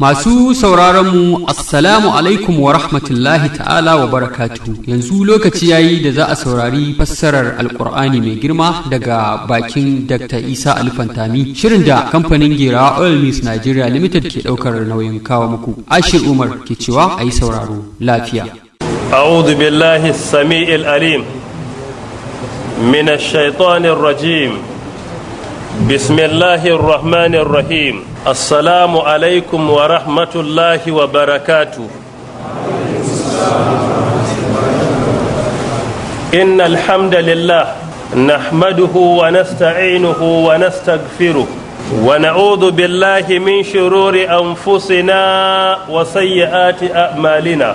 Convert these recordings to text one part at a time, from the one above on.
Masu sauraronmu, Assalamu alaikum wa rahmatullahi ta'ala wa barakatuhu. Yanzu lokaci yayi da za a saurari fassarar Alƙur'ani mai girma daga bakin Dr. Isa Alfantami, shirin da kamfanin Gera Oil Mills Nigeria Limited ke ɗaukar nauyin kawo muku. Ashir Umar ke cewa a yi sauraro lafiya. أعوذ بالله السميع العليم assalamu alaikum wa rahmatullahi wa barakatu إن الحمد لله نحمده ونستعينه ونستغفره ونعوذ بالله من شرور أنفسنا وسيئات أعمالنا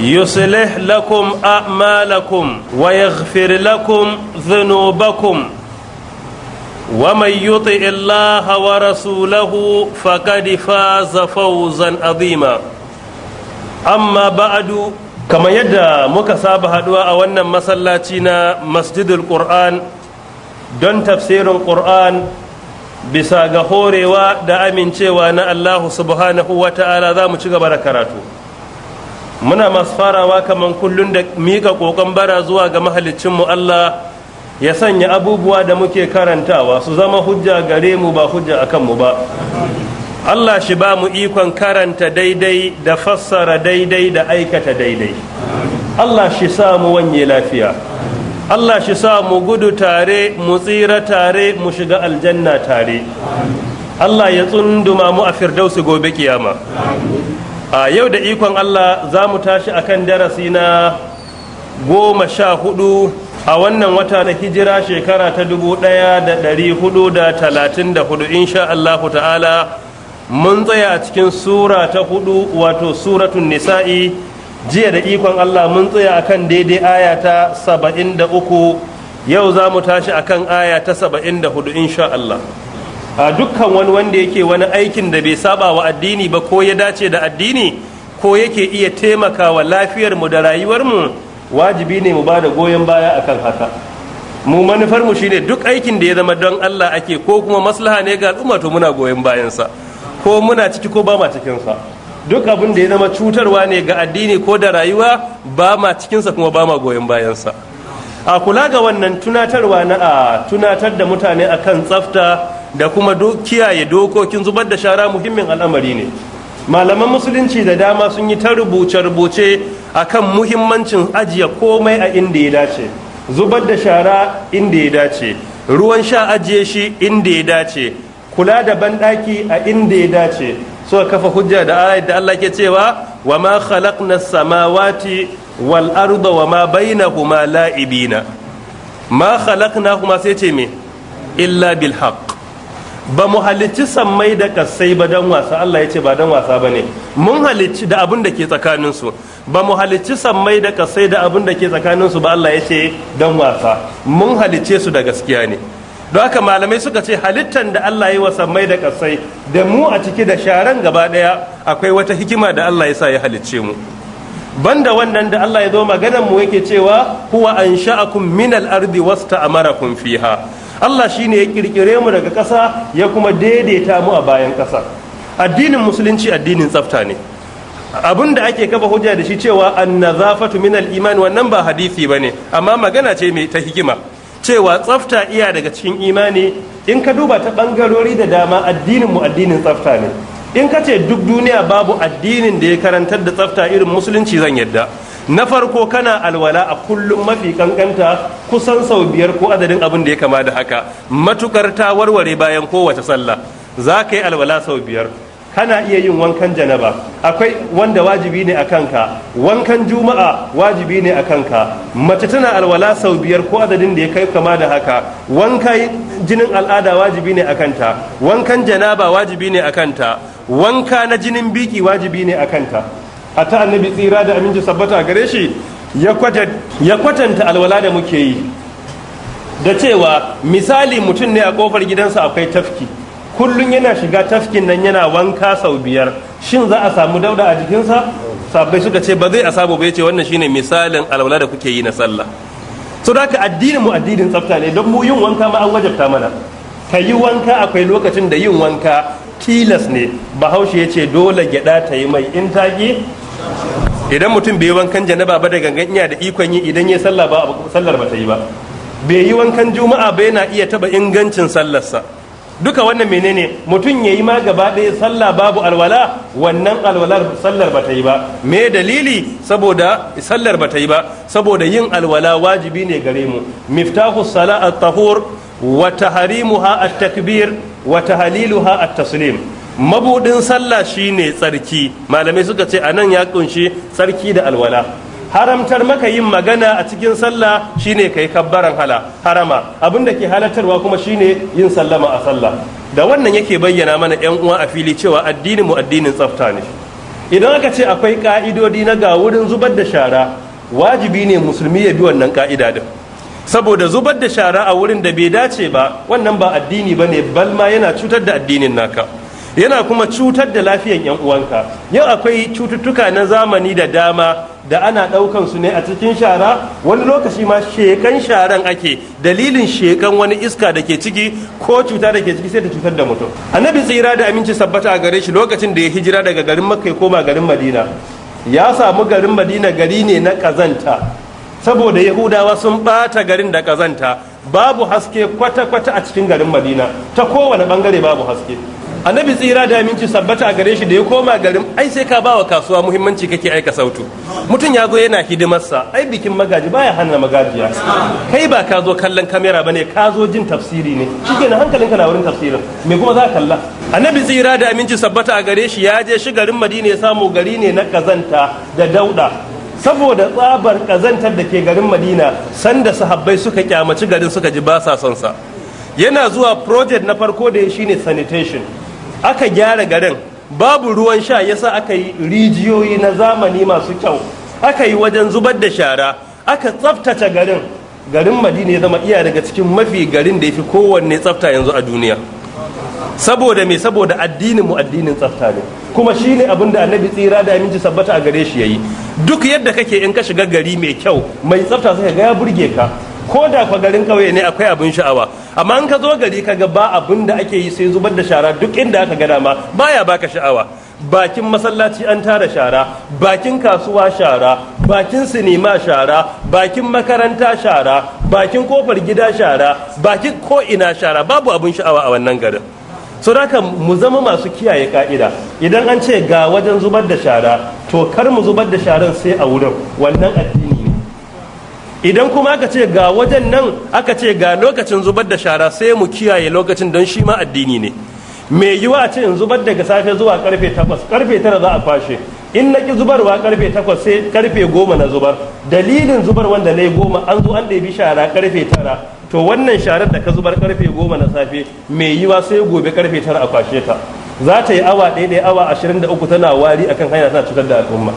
يصلح لكم أعمالكم ويغفر لكم ذنوبكم ومن يطع الله ورسوله فقد فاز فوزا عظيما أما بعد كما يدى مكساب هدوء أولا مسلاتنا مسجد القرآن دون تفسير القرآن bisa ga horewa da amincewa na Allah subhanahu wa ta'ala za mu ci gaba da karatu. muna masu farawa kamar kullum da mika kokon bara zuwa ga mahaliccinmu Allah ya sanya abubuwa da muke karantawa su zama hujja gare mu ba hujja a kanmu ba Allah shi ba mu ikon karanta daidai da fassara daidai da aikata daidai Allah shi sa mu wanye lafiya Allah shi sa mu gudu tare mu tsira tare mu shiga aljanna tare Allah ya tsunduma mu a firdausi gobe kiyama a yau da ikon allah za mu tashi a kan darasi na goma sha hudu a wannan wata da hijira shekara ta dubu daya da dari hudu da talatin da hudu insha ta'ala mun tsaya a cikin sura ta hudu wato suratun nisa'i jiya da ikon allah mun tsaya a kan daidai aya ta saba'in da uku yau za mu tashi akan aya ta saba'in da hudu insha allah A dukkan wani wanda yake wani aikin da bai saba wa addini ba ko ya dace da addini ko yake iya taimakawa lafiyarmu da rayuwarmu wajibi ne mu ba da goyon baya akan haka mu manufarmu shine duk aikin da ya zama don Allah ake ko kuma maslaha ne ga al'umma to muna goyon bayansa ko muna ciki ko ba ma cikinsa duk abin da ya zama cutarwa ne ga addini ko da rayuwa ba ma cikinsa kuma ba ma goyon bayansa a kula ga wannan tunatarwa na a tunatar da mutane akan tsafta da kuma kiyaye dokokin zubar da shara muhimmin al'amari ne malaman musulunci da dama sun yi ta rubuce-rubuce akan muhimmancin ajiye komai a inda ya dace zubar da shara inda ya dace ruwan sha ajiye shi inda ya dace kula da banɗaki a inda ya dace suka kafa hujja da ayat da Allah ke cewa wa ma khalaqna samawati wal arda wa ma bainahuma la'ibina ma khalaqnahuma sai ce me illa bil haqq ba mu halicci sammai da kasai ba don wasa Allah ya ce ba don wasa ba ne mun halicci da abin da ke tsakaninsu ba mu halicci sammai da kasai da abin da ke tsakaninsu ba Allah ya ce don wasa mun halicce su da gaskiya ne don haka malamai suka ce halittan da Allah ya wa sammai da kasai da mu a ciki da sharan gaba daya akwai wata hikima da Allah ya sa ya halicce mu banda wannan da Allah ya zo maganar mu yake cewa huwa ansha'akum minal ardi wasta'amarakum fiha Allah shi ne ya kirkire mu daga ƙasa ya kuma daidaita mu a bayan ƙasa addinin musulunci addinin tsafta ne abin da ake kafa hujja da shi cewa annazafatu min al wannan ba hadisi ne amma magana ce mai ta hikima cewa tsafta iya daga cikin imani in ka duba ta bangarori da dama addinin mu addinin tsafta ne in ka ce duk duniya babu addinin da ya karantar da tsafta irin musulunci zan yadda na farko kana alwala a kullum mafi kankanta kusan sau biyar ko adadin abin da ya kama da haka matukar ta warware bayan kowace sallah za ka yi alwala sau biyar kana iya yin wankan janaba akwai wanda wajibi ne a kanka wankan juma'a wajibi ne a kanka mace tana alwala sau biyar ko adadin da ya kai kama da haka wanka jinin al'ada wajibi ne a kanta wankan janaba wajibi ne a kanta wanka na jinin biki wajibi ne a kanta a ta annabi tsira da aminci sabbata gare shi ya kwatanta alwala da muke yi da cewa misali mutum ne a kofar gidansa akwai tafki kullum yana shiga tafkin nan yana wanka sau biyar shin za a samu dauda a jikinsa sabbai suka ce ba zai a samu bai ce wannan shine misalin alwala da kuke yi na sallah so da haka addinin mu addinin tsafta ne don mu yin wanka ma an wajabta mana ka yi wanka akwai lokacin da yin wanka tilas ne bahaushe ya ce dole gyada ta yi mai in ta idan mutum bai wankan janaba ba da gangan iya da ikon yi idan ya sallah ba sallar ba ta yi ba bai yi wankan juma'a ba yana iya taba ingancin sallarsa duka wannan menene mutum ya yi ma gaba ɗaya sallah babu alwala wannan alwalar sallar ba ta yi ba me dalili saboda sallar ba ta yi ba saboda yin alwala wajibi ne gare mu miftahu salat at-tahur wa tahrimuha at-takbir wa tahliluha at-taslim mabudin sallah shine tsarki malamai suka ce anan ya kunshi tsarki da alwala haramtar maka yin magana a cikin sallah shine kai kabbaran hala harama abinda ke halatarwa kuma shine yin sallama a sallah da wannan yake bayyana mana yan uwa a fili cewa addini mu addinin tsafta ne idan aka ce akwai ka'idodi na ga wurin zubar da shara wajibi ne musulmi ya bi wannan ka'ida din saboda zubar da shara a wurin da bai dace ba wannan ba addini bane balma yana cutar da addinin naka yana kuma cutar da lafiyan yan uwanka yau akwai cututtuka na zamani da dama da ana daukan su ne a cikin shara wani lokaci ma shekan sharan ake dalilin shekan wani iska da ke ciki ko cuta da ke ciki sai ta cutar da mutum annabi tsira da aminci sabbata a gare shi lokacin da ya hijira daga garin makka ya koma garin madina ya samu garin madina gari ne na kazanta saboda yahudawa sun bata garin da kazanta babu haske kwata-kwata a cikin garin madina ta kowane bangare babu haske annabi tsira da aminci sabbata a gare shi da ya koma garin ai sai ka bawa kasuwa muhimmanci kake aika sautu mutum ya zo yana hidimarsa ai bikin magaji baya hana magajiya kai ba ka zo kallon kamera ne, ka zo jin tafsiri ne shike na hankalinka na wurin tafsirin me kuma za ka kalla annabi tsira da aminci sabbata a gare shi ya je shi garin madina ya samu gari ne na kazanta da dauda saboda tsabar kazantar da ke garin madina sanda sahabbai suka kyamaci garin suka ji ba sa son sa yana zuwa project na farko da ya shine sanitation aka gyara garin babu ruwan sha yasa aka yi rijiyoyi na zamani masu kyau aka yi wajen zubar da shara aka tsaftace garin garin madina ya zama iya daga cikin mafi garin da ya fi kowanne tsafta yanzu a duniya saboda me saboda addinin mu addinin tsafta ne kuma shi ne abin da annabi tsira da aminci sabbata a gare shi ya yi. duk yadda kake in ka shiga gari mai kyau mai tsafta sai ga ya burge ka ko da kwa garin kauye ne akwai abin sha'awa amma in ka zo gari ka ga ba abin da ake yi sai zubar da shara duk inda aka ga dama baya baka sha'awa bakin masallaci an tara shara bakin kasuwa shara bakin sinima shara bakin makaranta shara bakin kofar gida shara bakin ko ina shara babu abin sha'awa a wannan garin so haka mu zama masu kiyaye ka'ida idan an ce ga wajen zubar da shara to kar mu zubar da sharan sai a wurin wannan addini idan kuma aka ce ga wajen nan aka ce ga lokacin zubar da shara sai mu kiyaye lokacin don shi ma addini ne mai yiwa ce in zubar daga safe zuwa karfe 8 karfe 9 za a kwashe in na ki zubarwa karfe 8 sai karfe 10 na zubar dalilin zubar wanda na yi goma an zo an bi shara karfe 9 to wannan sharar da ka zubar karfe 10 na safe mai yiwa sai gobe karfe 9 a kwashe ta za ta yi awa ɗaya awa 23 tana wari akan hanya tana cutar da al'umma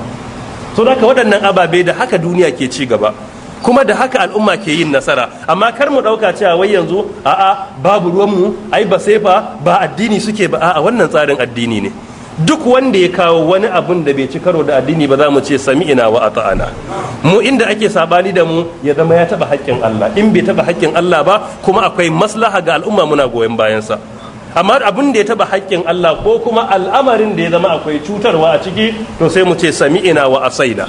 so da waɗannan ababe da haka duniya ke ci gaba kuma da haka al'umma ke yin nasara amma kar mu ɗauka cewa wai yanzu a'a babu ruwanmu ai ba sai fa ba addini suke ba a'a wannan tsarin addini ne duk wanda ya kawo wani abun da bai ci karo da addini ba za mu ce sami'ina wa ata'ana mu inda ake sabani da mu ya zama ya taba haƙƙin Allah in bai taba haƙƙin Allah ba kuma akwai maslaha ga al'umma muna goyon sa amma abin da ya taba haƙƙin Allah ko kuma al'amarin da ya zama akwai cutarwa a ciki to sai mu ce sami'ina wa asaida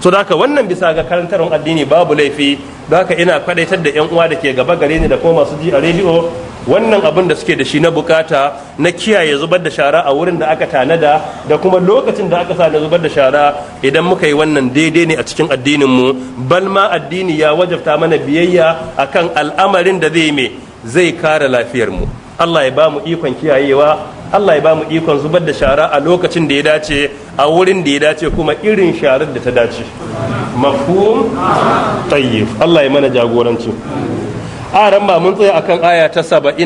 so da wannan bisa ga karantarwar addini babu laifi da ka ina kwadaitar da yan uwa da ke gaba gare ni da kuma masu ji a rediyo wannan abin da suke da shi na bukata na kiyaye zubar da shara a wurin da aka tanada da kuma lokacin da aka sa zubar da shara idan muka yi wannan daidai ne a cikin addinin mu bal ma addini ya wajabta mana biyayya akan al'amarin da zai me zai kare lafiyar mu Allah ya ba mu ikon kiyayewa Allah ya ba mu ikon zubar da shara a lokacin da ya dace a wurin da ya dace kuma irin sharar da ta dace mafhum tayyib Allah ya mana jagoranci a ran ba mun tsaya akan aya ta 73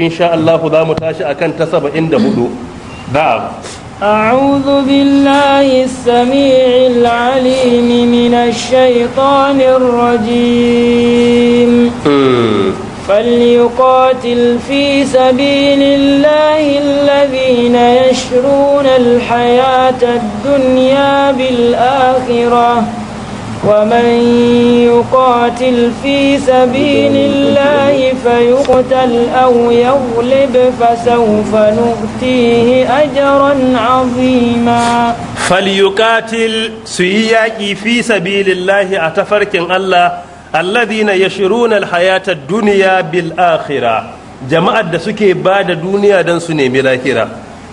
insha Allah za mu tashi akan ta 74 da أعوذ بالله السميع العليم من الشيطان الرجيم فليقاتل في سبيل الله الذين يشرون الحياة الدنيا بالآخرة ومن يقاتل في سبيل الله فيقتل أو يغلب فسوف نؤتيه أجرا عظيما فليقاتل سيئا في سبيل الله أتفرك الله alladhina yashruna alhayata dunya bil akhirah jama'ar da suke ba da duniya don su nemi lahira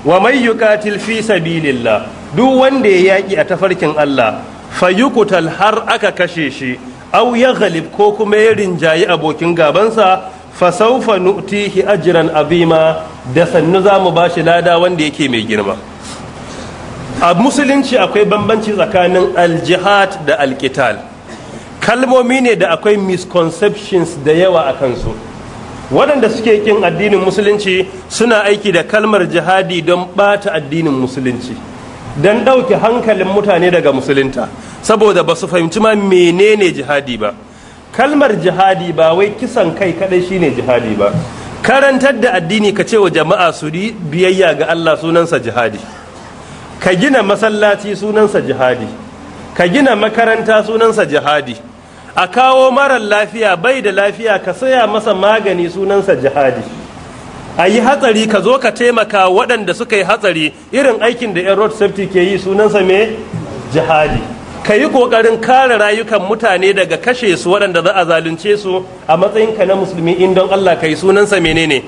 wa mai yuqatil fi sabilillah duk wanda ya yaki a tafarkin Allah fayukutal har aka kashe shi aw ya ghalib ko kuma ya rinjayi abokin gabansa fa sawfa nu'tihi ajran azima da sannu za mu bashi lada wanda yake mai girma a musulunci akwai bambanci tsakanin aljihad da alkital kalmomi ne da akwai misconceptions da yawa a kansu waɗanda suke kin addinin musulunci suna aiki da kalmar jihadi don ɓata addinin musulunci don ɗauke hankalin mutane daga musulunta saboda ba su fahimci ma menene jihadi ba kalmar jihadi ba wai kisan kai kaɗai shine jihadi ba karantar da addini ka ce wa jama'a su biyayya ga Allah sunansa jihadi ka gina masallaci sunansa jihadi ka gina makaranta sunansa jihadi a kawo marar lafiya bai da lafiya ka saya masa magani sunansa jihadi a yi hatsari ka zo ka taimaka waɗanda suka yi hatsari irin aikin da 'yan road safety ke yi sunansa mai jihadi ka yi ƙoƙarin kare rayukan mutane daga kashe su waɗanda za a zalunce su a matsayinka na musulmi in don allah ka yi sunansa menene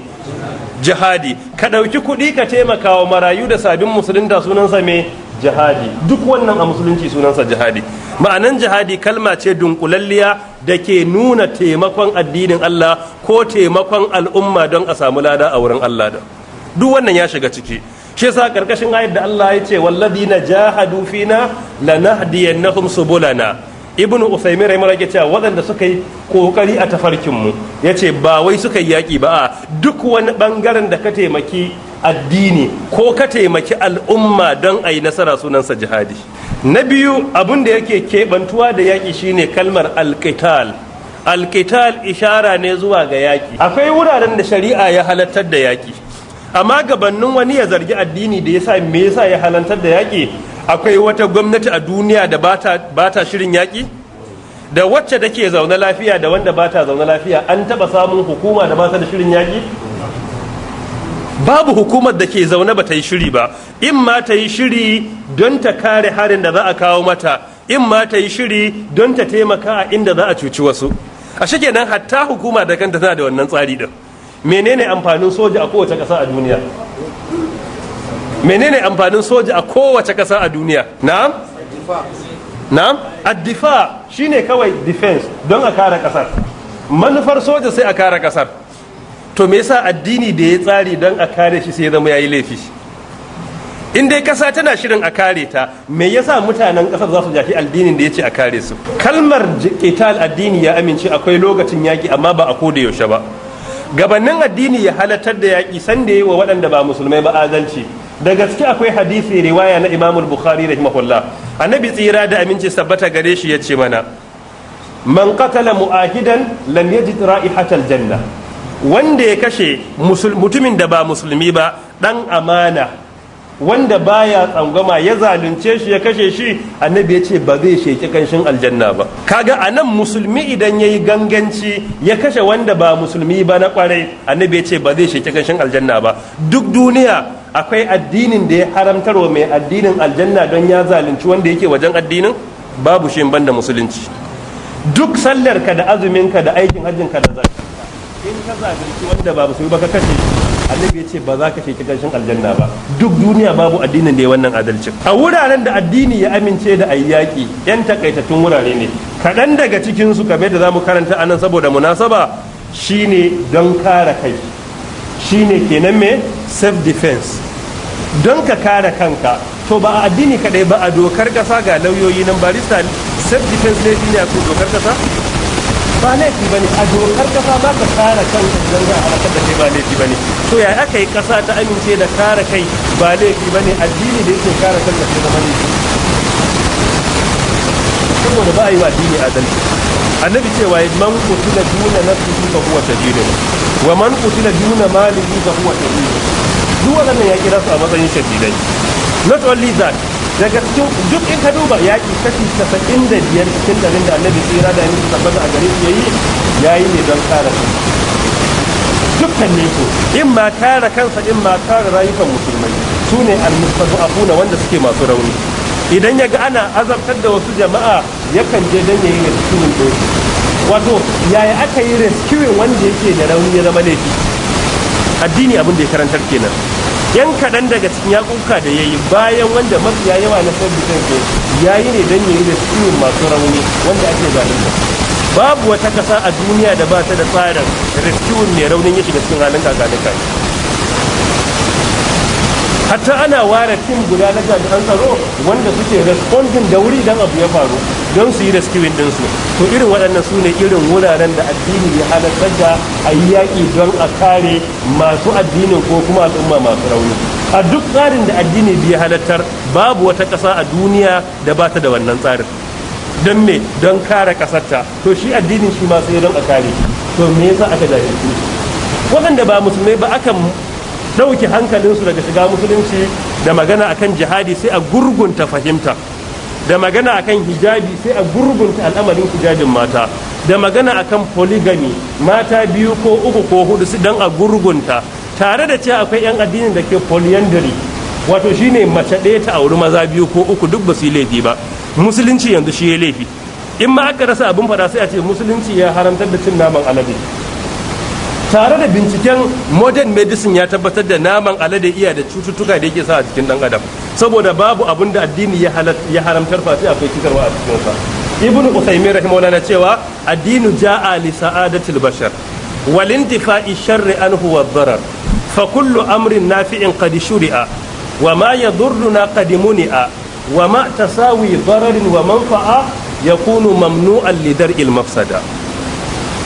jihadi ka ɗauki kuɗi ka taimaka wa marayu da sabbin musulunta sunansa mai. jihadi duk wannan a musulunci sunansa jihadi ma'anan jihadi kalma ce dunkulalliya da ke nuna taimakon addinin Allah ko taimakon al'umma don a samu lada a wurin Allah da duk wannan ya shiga ciki shi yasa karkashin ayat da Allah ya ce walladina jahadu fina lanahdiyannahum subulana ibnu usaimin rai yake cewa waɗanda suka yi kokari a tafarkin mu yace ba wai suka yi yaƙi ba duk wani ɓangaren da ka taimaki addini ko ka taimaki al'umma don a yi nasara sunansa jihadi na biyu abun da yake keɓantuwa da yaƙi shine kalmar alƙital alƙital ishara ne zuwa ga yaƙi akwai wuraren da shari'a ya halartar da yaƙi amma gabanin wani ya zargi addini da yasa me yasa ya halartar da yaƙi akwai wata gwamnati a duniya da ba ta shirin yaƙi da wacce da ke zaune lafiya da wanda ba ta zaune lafiya an taɓa samun hukuma da ba ta da shirin yaƙi babu hukumar da ke zaune ba ta yi shiri ba in ma ta yi shiri don ta kare harin da za a kawo mata in ma ta yi shiri don ta taimaka a inda za a cuci wasu a shi kenan hatta hukuma da kanta tana da wannan tsari din menene amfanin soja a kowace ƙasa a duniya menene amfanin soja a kowace ƙasa a duniya na'am na'am addifa shine kawai defense don a kare ƙasar manufar soja sai a kare kasar to me yasa addini da ya tsari don a kare shi sai ya zama yayi laifi in dai ƙasa tana shirin a kare ta me yasa mutanen ƙasar za su jafi addinin da ya ce a kare su kalmar qital addini ya amince akwai lokacin yaƙi amma ba a koda yaushe ba gabanin addini ya halatar da yaƙi sanda yi wa waɗanda ba musulmai ba adalci da gaske akwai hadisi riwaya na Imam al-Bukhari rahimahullah annabi tsira da aminci sabbata gare shi ya yace mana man qatala mu'ahidan lam yajid ra'ihatal janna wanda ya kashe mutumin da ba musulmi ba dan amana wanda baya tsangwama ya zalunce shi ya kashe shi annabi ya ce ba zai sheki kanshin aljanna ba kaga anan musulmi idan yayi ganganci ya kashe wanda ba musulmi ba na kwarai annabi ya ce ba zai sheki kanshin aljanna ba duk duniya akwai addinin da ya haramtarwa mai addinin aljanna don ya zalunci wanda yake wajen addinin babu shi ban da musulunci duk sallar ka da azuminka da aikin hajjin ka da zaki in ka zalunci wanda ba musulmi ba ka kashe annabi ya ce ba za ka shekita gashin aljanna ba duk duniya babu addinin da ya wannan adalcin a wuraren da addini ya amince da ayyaki yan takaitattun wurare ne kaɗan daga cikin su kabe da mu karanta anan saboda munasaba shine don kare kai shine kenan me self defense don ka kare kanka to ba a addini kadai ba a dokar kasa ga lauyoyi nan barista self defense ne a su dokar kasa ba laifi bane a dokar kasa ba ka kare kanka don za a haka da kai ba laifi bane to ya aka yi kasa ta amince da kare kai ba laifi bane addini da yake kare kanka sai zama laifi saboda ba a yi wa addini adalci annabi cewa man kutila duna suka kuwa ta shahidun wa man kutila duna malihi fa huwa shahid duk wannan ya kira su a matsayin shahidai not only that daga cikin duk in ka duba yaƙi kashi 75 biyar cikin ɗarin da annabi tsira da yanzu tabbata a gare shi yayi yayi ne don kare su dukkan ne ko in ma kare kansa in ma kare rayukan musulmai su ne almustad'afuna wanda suke masu rauni idan ya ga ana azabtar da wasu jama'a yakan je dan yayi ne cikin doki wato yaya aka yi rescue wanda yake da rauni ya zama laifi addini abin da ya karantar kenan yan kaɗan daga cikin yakuka da ya yi bayan wanda ya yawa na sabbi kanke ya yi ne don ya yi rescue masu rauni wanda ake zalunta babu wata ƙasa a duniya da ba ta da tsarin rescue ne raunin ya shiga cikin halin kakanin kai hatta ana ware tim guda na jami'an tsaro wanda suke responding da wuri idan abu ya faru don su yi rescuing su to irin waɗannan su ne irin wuraren da addini ya halartar da a yi yaƙi don a kare masu addinin ko kuma al'umma masu rauni a duk tsarin da addini bai halartar babu wata ƙasa a duniya da ba da wannan tsarin don me don kare ƙasarta to shi addini shi ma sai don a kare to me yasa aka jahilci waɗanda ba musulmai ba akan ɗauki hankalinsu daga shiga musulunci da magana akan jihadi sai a gurgunta fahimta da magana akan hijabi sai a gurgunta al'amarin hijabin mata da magana akan polygamy mata biyu ko uku ko hudu su dan a gurgunta tare da cewa akwai 'yan addinin da ke polyandry wato shine mace ɗaya ta auri maza biyu ko uku duk ba su yi laifi ba musulunci yanzu shi ya laifi in ma aka rasa abin fada sai a ce musulunci ya haramtar da cin naman alade tare da binciken modern medicine ya tabbatar da naman alade iya da cututtuka da yake sa a jikin dan adam saboda babu abin da addini ya haramtar fasi akwai cutarwa a cikinsa ibnu usaimin rahimahullah na cewa addinu ja'a li sa'adatil bashar wal intifa'i sharri anhu wa darar fa kullu amrin nafi'in qad shuri'a wa ma yadurruna qad muni'a wa ma tasawi dararin wa manfa'a yakunu mamnu'an li dar'il mafsada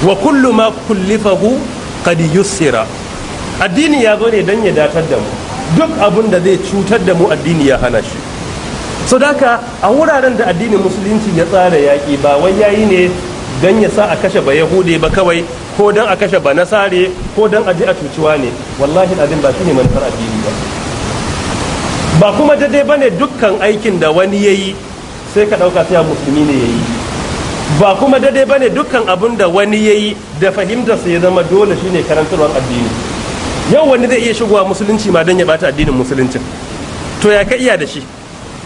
wa kullu ma kullifahu qad yusira addini ya zo ne don ya datar da mu duk abin da zai cutar da mu addini ya hana shi so daka a wuraren da addinin musulunci ya tsara yaƙi ba wai yayi ne don ya sa a kashe ba yahude ba kawai ko don a kashe ba nasare ko don a je a cuciwa ne wallahi abin ba shine manufar addini ba ba kuma daidai ba ne dukkan aikin da wani ya yi sai ka ɗauka sai musulmi ne ya yi ba kuma daidai ba ne dukkan abin da wani ya yi da fahimtarsa ya zama dole shine karantarwar addini yau wani zai iya shigowa musulunci ma don ya bata addinin musulunci to ya ka iya da shi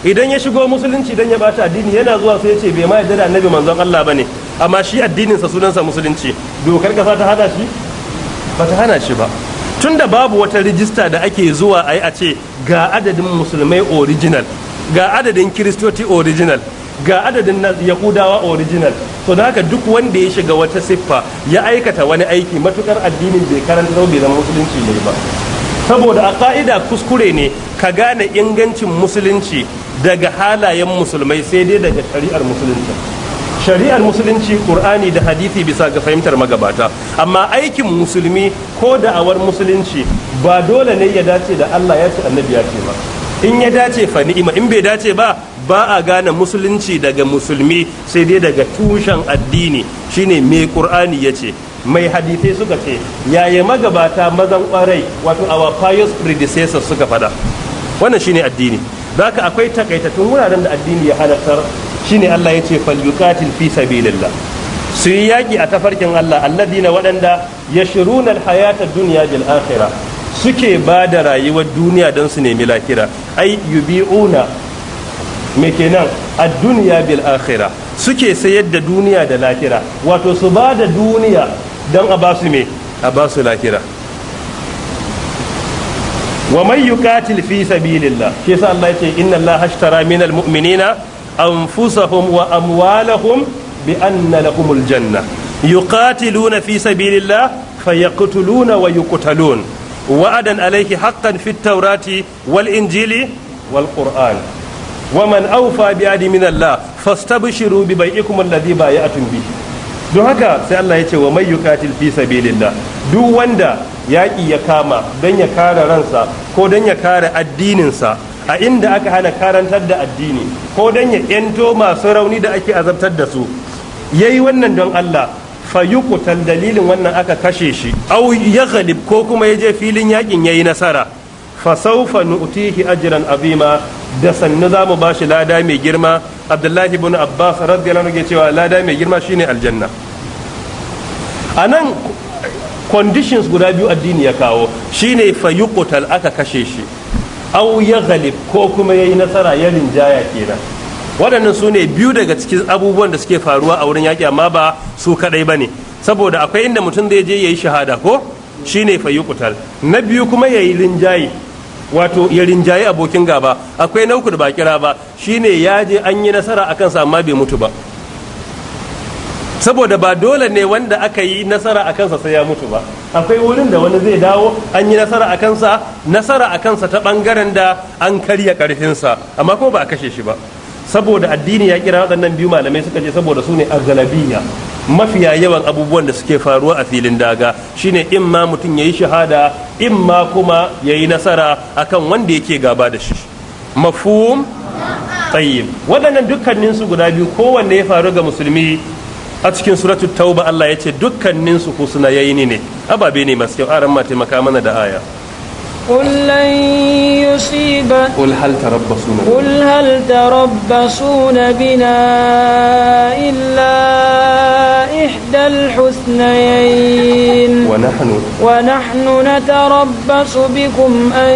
idan ya shigo musulunci don ya bata addini yana zuwa sai ya ce bai ma yadda da annabi manzon Allah bane amma shi addininsa sunansa musulunci dokar kasa ta hana shi ba ta hana shi ba tunda babu wata rijista da ake zuwa a yi a ce ga adadin musulmai original ga adadin kiristoti original ga adadin na yahudawa original so da haka duk wanda ya shiga wata siffa ya aikata wani aiki matukar addinin bai karanta zaube bai musulunci ne ba saboda a ka'ida kuskure ne ka gane ingancin musulunci daga halayen musulmai sai dai daga shari'ar musulunci shari'ar musulunci qur'ani da hadisi bisa ga fahimtar magabata amma aikin musulmi ko da'awar musulunci ba dole ne ya dace da Allah ya ce annabi ya ce ba in ya dace fa ni'ima in bai dace ba ba a gane musulunci daga musulmi sai dai daga tushen addini shine mai qur'ani yace mai hadisai suka ce yaya magabata mazan kwarai wato our pious predecessors suka fada wannan shine addini zaka akwai takaitattun wuraren da addini ya halartar shine Allah ya ce yuqatil fi sabilillah su yi yaƙi a tafarkin Allah alladina waɗanda ya shiruna hayata duniya bil akhirah suke ba da rayuwar duniya don su nemi lahira ai yubi'una me kenan a duniya bil akhira suke sayar da duniya da lahira wato su ba da duniya don a ba su me a ba su lahira wa man yuqatil fi sabilillah shi yasa Allah yace inna Allah ashtara minal mu'minina anfusahum wa amwalahum bi anna lahumul janna yuqatiluna fi sabilillah fayaqtuluna wa yuqtalun wa'adan alaihi haqqan fit taurati wal injili wal qur'an waman awfa bi adi min Allah fastabshiru bi bai'ikum alladhi don haka sai Allah ya ce wa may yuqatil fi sabilillah duk wanda yaƙi ya kama don ya kare ransa ko don ya kare addininsa a inda aka hana karantar da addini ko don ya ƴanto masu rauni da ake azabtar da su yayi wannan don Allah fayukutal dalilin wannan aka kashe shi au ya ghalib ko kuma ya je filin yakin yayi nasara fasaufa nu'tihi ajran azima da sannu za mu bashi lada mai girma abdullahi ibn abbas radiyallahu anhu cewa lada mai girma shine aljanna anan conditions guda biyu addini ya kawo shine fayyukutal aka kashe shi au ya ghalib ko kuma yayi nasara ya rinjaya kenan waɗannan su ne biyu daga cikin abubuwan da suke faruwa a wurin yaƙi amma ba su kaɗai ba ne saboda akwai inda mutum zai je ya yi shahada ko shi ne fayi kutal na biyu kuma ya yi rinjaye wato ya rinjaye abokin gaba akwai na da ba kira ba shi ne ya je an yi nasara a kansa amma bai mutu ba saboda ba dole ne wanda aka yi nasara a kansa sai ya mutu ba akwai wurin da wani zai dawo an yi nasara a kansa nasara a kansa ta bangaren da an karya karfinsa amma kuma ba a kashe shi ba saboda addini ya kira waɗannan biyu malamai suka ce saboda su ne agalabiya mafiya yawan abubuwan da suke faruwa a filin daga shine in ma mutum ya yi shahada in ma kuma ya yi nasara akan wanda yake gaba da shi mafhum tsayin waɗannan dukkanin guda biyu kowanne ya faru ga musulmi a cikin suratu tauba Allah ya ce dukkanin su ya yi ne ababe ne masu kyau aran ma taimaka mana da aya قل لن يصيب قل هل تربصون قل هل تربصون بنا إلا إحدى الحسنيين ونحن ونحن نتربص بكم أن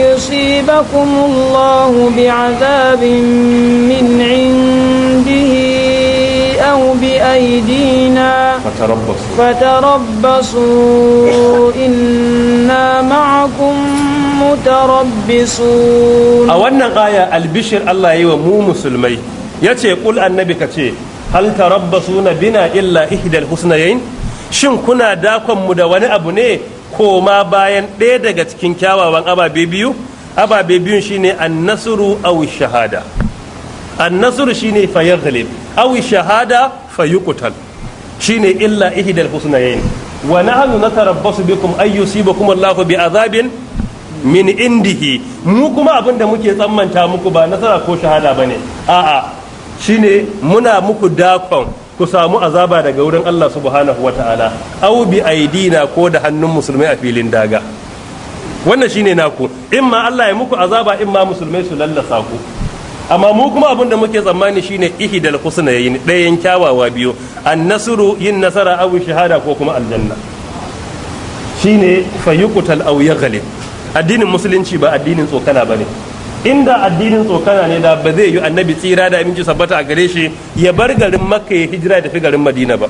يصيبكم الله بعذاب من عنده أو بأيدينا فتربصوا فتربصوا إنا معكم متربصون a wannan aya albishir Allah ya yi wa mu musulmai yace ce ƙul annabi ka ce hal suna bina illa ihdal husnayain shin kuna dakon mu da wani abu ne ko ma bayan ɗaya daga cikin kyawawan ababe biyu ababe biyu shine annasru aw shahada annasru shine fayaghlib aw shahada fayuqtal shine illa ihdal husnayn wa nahnu natarabbasu bikum ay yusibakum Allahu bi azabin min indihi mu kuma da muke tsammanta muku ba nasara ko shahada bane a'a shine muna muku dakon ku samu azaba daga wurin Allah subhanahu Ta'ala. aw bi aidina ko da hannun musulmai a filin daga wannan shine naku imma Allah ya muku azaba imma musulmai su lallasa ku amma mu kuma abin da muke tsammani shine ihdal husna yayin ɗayan kyawawa biyu annasru yin nasara aw shahada ko kuma aljanna shine fayuqtal aw yaghlib addinin musulunci ba addinin tsokana bane inda addinin tsokana ne da ba zai yi annabi tsira da aminci sabbata a gare shi ya bar garin makka ya hijira da fi garin madina ba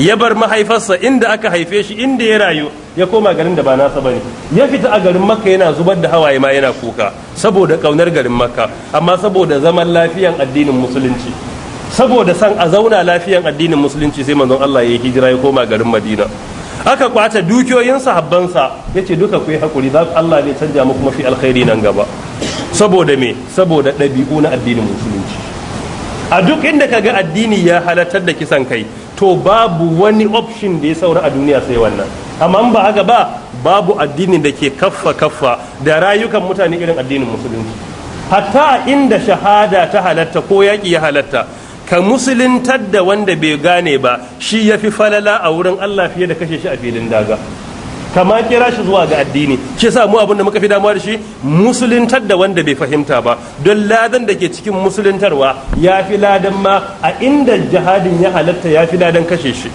ya bar mahaifarsa inda aka haife shi inda ya rayu ya koma garin da ba nasa bane ya fita a garin makka yana zubar da hawaye ma yana kuka saboda kaunar garin makka amma saboda zaman lafiyan addinin musulunci saboda san a zauna lafiyan addinin musulunci sai manzon Allah ya hijira ya koma garin Madina aka kwace dukiyoyin sahabbansa yace duka ku yi hakuri za Allah ne canja muku mafi alkhairi nan gaba saboda me saboda ɗabi'u na addinin musulunci a duk inda kaga addini ya halartar da kisan kai to babu wani option da ya saura a duniya sai wannan amma ba haka ba babu addini da ke kaffa kaffa da rayukan mutane irin addinin musulunci hatta inda shahada ta halatta ko yaki ya halatta ka musuluntar da wanda bai gane ba shi ya fi falala a wurin allah fiye da kashe shi a filin daga kama kira shi zuwa ga addini shi yasa mu abin da muka fi damuwa da shi musuluntar da wanda bai fahimta ba don ladan da ke cikin musuluntarwa ya fi ladan ma a inda jihadin ya halatta ya fi ladan kashe shi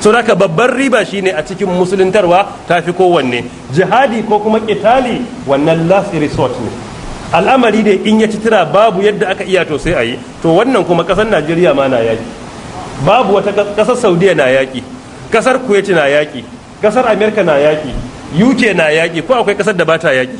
so haka babban riba shine a cikin musuluntarwa ta fi kowanne jihadi ko kuma kitali wannan last resort ne al'amari da in ya ci tira babu yadda aka iya to sai a yi to wannan kuma kasar najeriya ma na yaƙi babu wata kasar saudiya na yaƙi kasar kuwait na yaƙi kasar america na yaƙi uk na yaƙi ko akwai kasar da ba ta yaƙi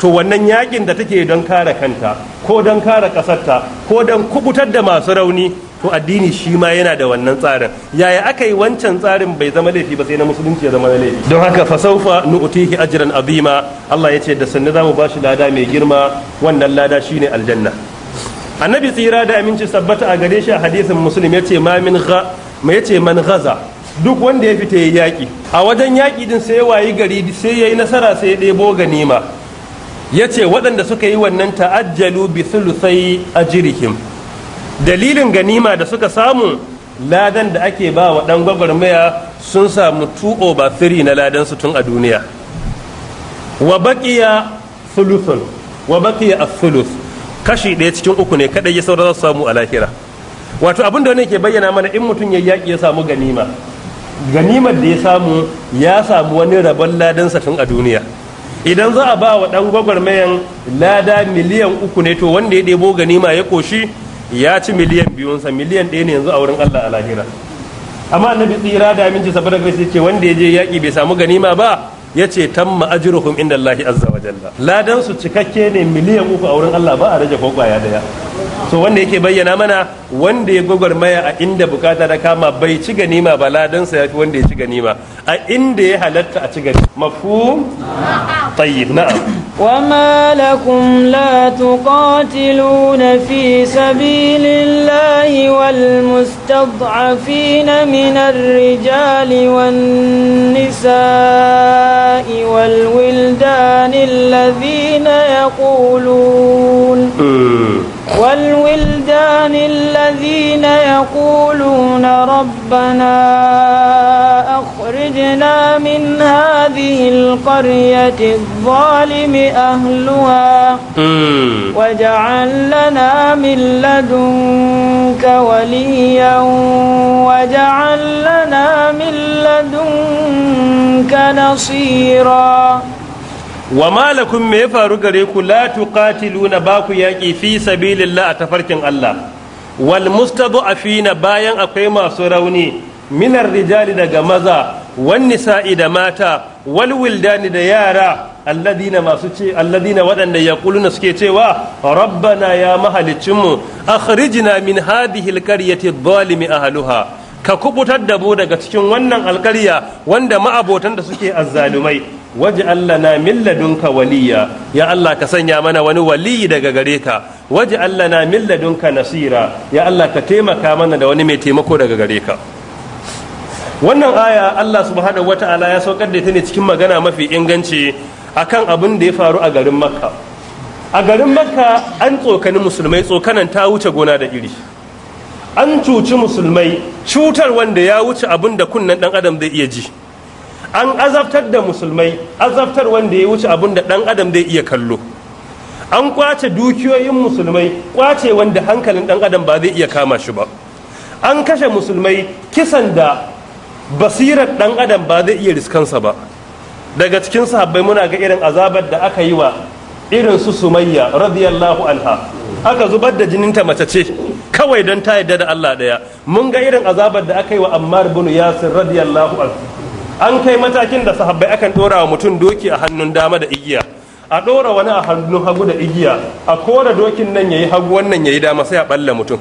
to wannan yaƙin da take don kare kanta ko don kare kasarta ko don kubutar da masu rauni to addini shi ma yana da wannan tsarin yaya aka yi wancan tsarin bai zama laifi ba sai na musulunci ya zama laifi don haka fasaufa nu'tihi ajran azima Allah ya ce da sanna zamu shi lada mai girma wannan lada shine aljanna annabi tsira da aminci sabbata a gare shi a hadisin muslim ya ce ma min gha yace man ghaza duk wanda ya fita ya yaƙi a wajen yaƙi din sai wayi gari sai ya yi nasara sai ya ɗebo ganima ya ce waɗanda suka yi wannan ta'ajjalu bi sulusai jirikin dalilin ganima da suka samu ladan da ake ba wa ɗan gwagwarmaya sun samu 2 3 na ladan su tun a duniya wa baƙiya sulusun wa baƙiya a sulus kashi ɗaya cikin uku ne kaɗai ya samu a lahira wato abin da wani ke bayyana mana in mutum ya yaƙi ya samu ganima ganimar da ya samu ya samu wani rabon ladansa tun a duniya idan za a ba wa ɗan gwagwarmayan lada miliyan uku ne to wanda ya ɗebo ganima ya koshi ya ci miliyan biyunsa miliyan ɗaya ne yanzu a wurin allah a lahira amma annabi tsira da aminci saboda gaske ce wanda ya je yaƙi bai samu ganima ba ya ce tan ajruhum inda Allah azza wa jalla ladan su cikakke ne miliyan uku a wurin Allah ba a rage ko daya so wanda yake bayyana mana wanda ya gwagwarmaya a inda bukata da kama bai ci ganima ba ladansa ya fi wanda ya ci ganima a inda ya halatta a ci gari mafhum tayyib na'am wama lakum la tuqatiluna fi sabilillahi wal mustad'afina min ar-rijali wan nisa'i wal wildani alladhina yaqulun والولدان الذين يقولون ربنا أخرجنا من هذه القرية الظالم أهلها واجعل لنا من لدنك وليا واجعل لنا من لدنك نصيرا wa malakun me ya faru gare ku la tuqatiluna ba ku yaƙi fi sabilillah a tafarkin Allah wal mustad'afina bayan akwai masu rauni minar rijali daga maza wan nisa'i da mata wal wildani da yara alladina masu ce alladina waɗanda yaquluna suke cewa rabbana ya mahalicinmu akhrijna min hadhihi alqaryati adh-dhalimi ahluha ka kubutar da mu daga cikin wannan alkarya wanda ma'abotan da suke azzalumai Allah na min ladunka waliya ya Allah ka sanya mana wani waliyi daga gare ka Allah na milladunka nasira ya Allah ka taimaka mana da wani mai taimako daga gare ka wannan aya Allah subhanahu wata'ala ya saukar da ita ne cikin magana mafi inganci akan abin da ya faru a garin Makka a garin Makka an tsokani musulmai tsokanan ta wuce gona da iri an cuci musulmai cutar wanda ya wuce abin da kunnen dan adam zai iya ji an azabtar da musulmai azabtar wanda ya wuce abin da ɗan adam zai iya kallo an kwace dukiyoyin musulmai kwace wanda hankalin ɗan adam ba zai iya kama shi ba an kashe musulmai kisan da basirar ɗan adam ba zai iya riskansa ba daga cikin sahabbai muna ga irin azabar da aka yi wa irin su sumayya radiyallahu anha aka zubar da jininta mace ce kawai don ta yadda da Allah daya mun ga irin azabar da aka yi wa ammar bin yasir radiyallahu anha an kai matakin da sahabbai akan dora wa mutum doki a hannun dama da igiya a dora wani a hannun hagu da igiya a kora dokin nan yayi hagu wannan yayi dama sai a balla mutum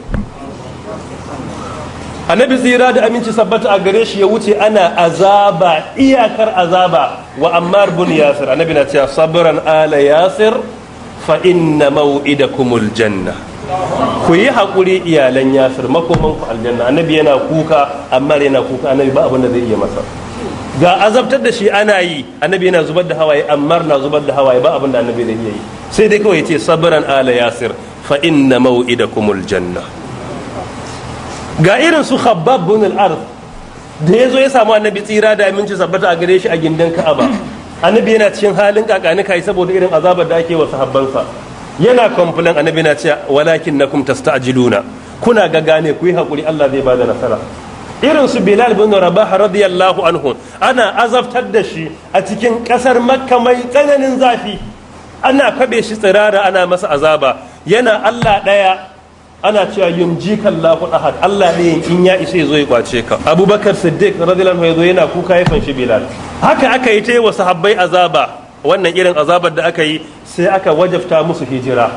annabi zira da aminci sabbata a gare shi ya wuce ana azaba iyakar azaba wa ammar bin yasir annabi na cewa sabran ala yasir fa inna maw'idakumul janna ku yi haƙuri iyalan yasir makoman ku aljanna annabi yana kuka ammar yana kuka annabi ba abin da zai iya masa ga azabtar da shi ana yi annabi yana zubar da hawaye amma na zubar da hawaye ba abin da annabi zai yi sai dai kawai ce sabran ala yasir fa inna maw'idakum janna ga irin su khabbab bin al-ard da yazo ya samu annabi tsira da aminci sabbata a gare shi a gindin ka'aba annabi yana cikin halin kakani kai saboda irin azabar da ake wa sahabbansa yana complain annabi yana cewa walakin nakum tasta'jiluna kuna ga gane ku yi hakuri Allah zai bada nasara irin su bilal bin rabah radiyallahu anhu ana azabtar da shi a cikin kasar makka mai tsananin zafi ana kwabe shi tsirara ana masa azaba yana allah ɗaya ana cewa yumjika allahu ahad allah ne in ya ishe zo ya kwace ka abubakar siddiq radiyallahu anhu yana kuka ya fanshi bilal haka aka yi ta yi wa sahabbai azaba wannan irin azabar da aka yi sai aka wajabta musu hijira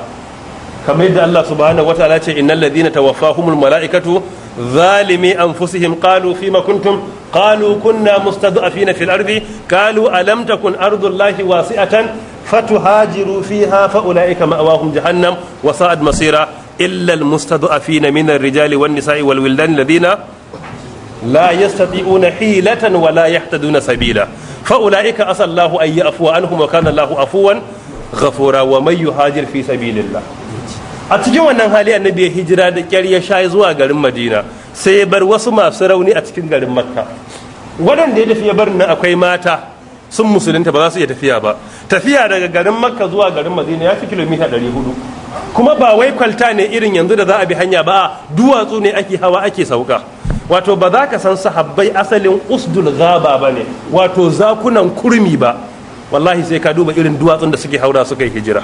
kamar yadda Allah subhanahu wataala ce innal ladina tawaffahumul malaikatu zalimi anfusihim qalu fima kuntum qalu kunna mustad'afina fil ardi qalu alam takun ardullahi wasi'atan fatuhajiru fiha fa ulaika ma'wahum jahannam wa sa'ad masira illa al mustad'afina min ar rijali wan nisa'i wal wildan alladhina la yastati'una hilatan wala la yahtaduna sabila fa ulaika asallahu an ya'fu anhum wa kana Allahu afuwan ghafura wa man yuhajir fi sabilillah a cikin wannan hali annabi ya hijira da kyar ya sha zuwa garin madina sai ya bar wasu masu rauni a cikin garin makka waɗanda ya tafi ya bar nan akwai mata sun musulunta ba za su iya tafiya ba tafiya daga garin makka zuwa garin madina ya fi kilomita 400 kuma ba wai kwalta ne irin yanzu da za a bi hanya ba duwatsu ne ake hawa ake sauka wato ba za ka san sahabbai asalin usdul zaba ba ne wato zakunan kurmi ba wallahi sai ka duba irin duwatsun da suke haura suka yi hijira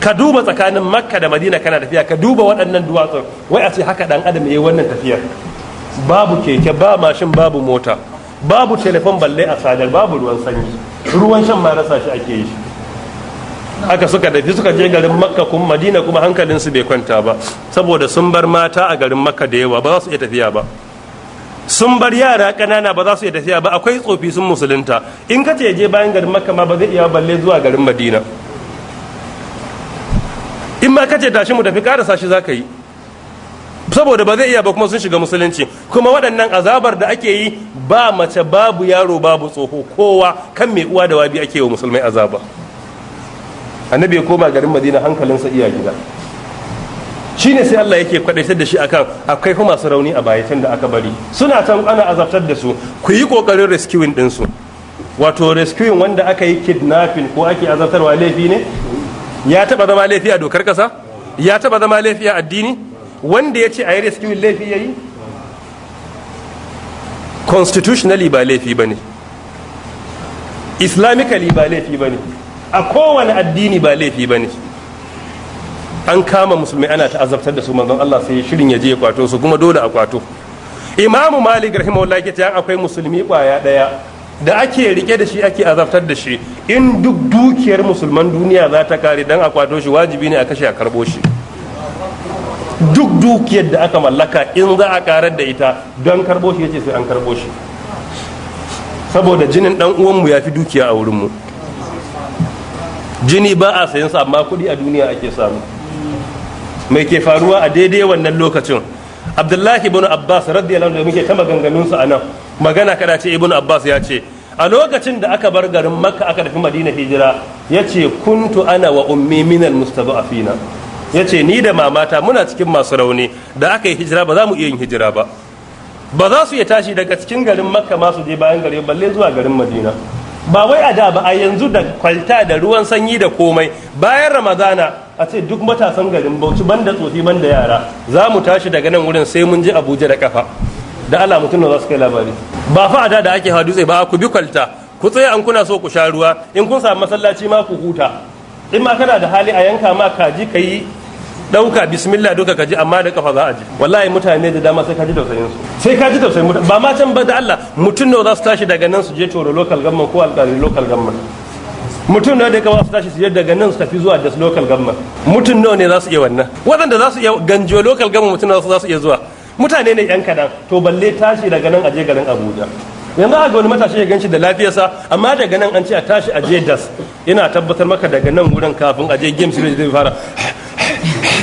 ka duba tsakanin makka da madina kana tafiya ka duba waɗannan duwatsun wai a ce haka dan adam ya yi wannan tafiyar babu keke ba mashin babu mota babu telefon balle a sadar babu ruwan sanyi ruwan shan ma rasa shi ake yi haka suka tafi suka je garin makka kuma madina kuma hankalinsu bai kwanta ba saboda sun bar mata a garin makka da yawa ba za su iya tafiya ba sun bar yara ƙanana ba za su iya tafiya ba akwai tsofi sun musulunta in ka ce je bayan garin makka ma ba zai iya balle zuwa garin madina in ma kace tashi mu tafi karasa shi zaka yi saboda ba zai iya ba kuma sun shiga musulunci kuma waɗannan azabar da ake yi ba mace babu yaro babu tsoho kowa kan mai uwa da wabi ake wa musulmai azaba annabi ya koma garin madina hankalinsa iya gida Shi ne sai Allah yake kwadaitar da shi akan akwai kuma masu rauni a bayatan da aka bari suna can ana azabtar da su ku yi kokarin rescuing din su wato rescuing wanda aka yi kidnapping ko ake azabtarwa laifi ne ya taba zama laifi a dokar kasa ya taba zama laifi a addini wanda ya ce a yi cikin laifi ya yi constitutionally ba laifi ba ne islamically ba laifi ba ne a kowane addini ba laifi ba ne an kama musulmi ana azabtar da su manzon Allah sai shirin ya je ya kwato su kuma dole a kwato imamu malik rahimahullahi ke akwai musulmi kwaya daya da ake rike da shi ake azabtar da shi in duk dukiyar musulman duniya za ta kare dan akwato shi wajibi ne a kashe a karbo shi duk dukiyar da aka mallaka in za a karar da ita don karbo shi yace sai an karbo shi saboda jinin dan uwanmu ya fi dukiya a wurin mu jini ba a sayan sa amma kuɗi a duniya ake samu mai ke faruwa a daidai wannan lokacin abdullahi bin abbas radiyallahu anhu muke ta maganganun sa anan magana kada ce ibn abbas ya ce a lokacin da aka bar garin makka aka tafi madina hijira ya ce kuntu ana wa ummi minal mustada'afina ya ce ni da mamata muna cikin masu rauni da aka yi hijira ba za mu iya yin hijira ba ba za su iya tashi daga cikin garin makka masu je bayan gari balle zuwa garin madina ba wai a da ba a yanzu da kwalta da ruwan sanyi da komai bayan ramadana a ce duk matasan garin bauchi banda tsofi banda yara za mu tashi daga nan wurin sai mun je abuja da kafa da Allah mutum na za su kai labari ba fa a da ake hadu dutse ba ku bi kwalta ku tsaye an kuna so ku sha ruwa in kun samu masallaci ma ku huta in ma kana da hali a yanka ma kaji ka yi ɗauka bismillah duka kaji amma da kafa za a ji wallahi mutane da dama sai kaji tausayin su sai kaji tausayin mutane ba ma can ba da Allah mutum ne za su tashi daga nan su je toro local government ko alƙali local government mutum ne da kawo su tashi su je daga nan su tafi zuwa das local government mutum nawa ne za su iya wannan waɗanda za su iya ganjo local government mutum za su iya zuwa mutane ne yan kadan to balle tashi daga nan aje garin abuja yanzu a ga wani matashi ya ganshi da lafiyarsa amma daga nan an ce a tashi a das ina tabbatar maka daga nan wurin kafin a je games ne zai fara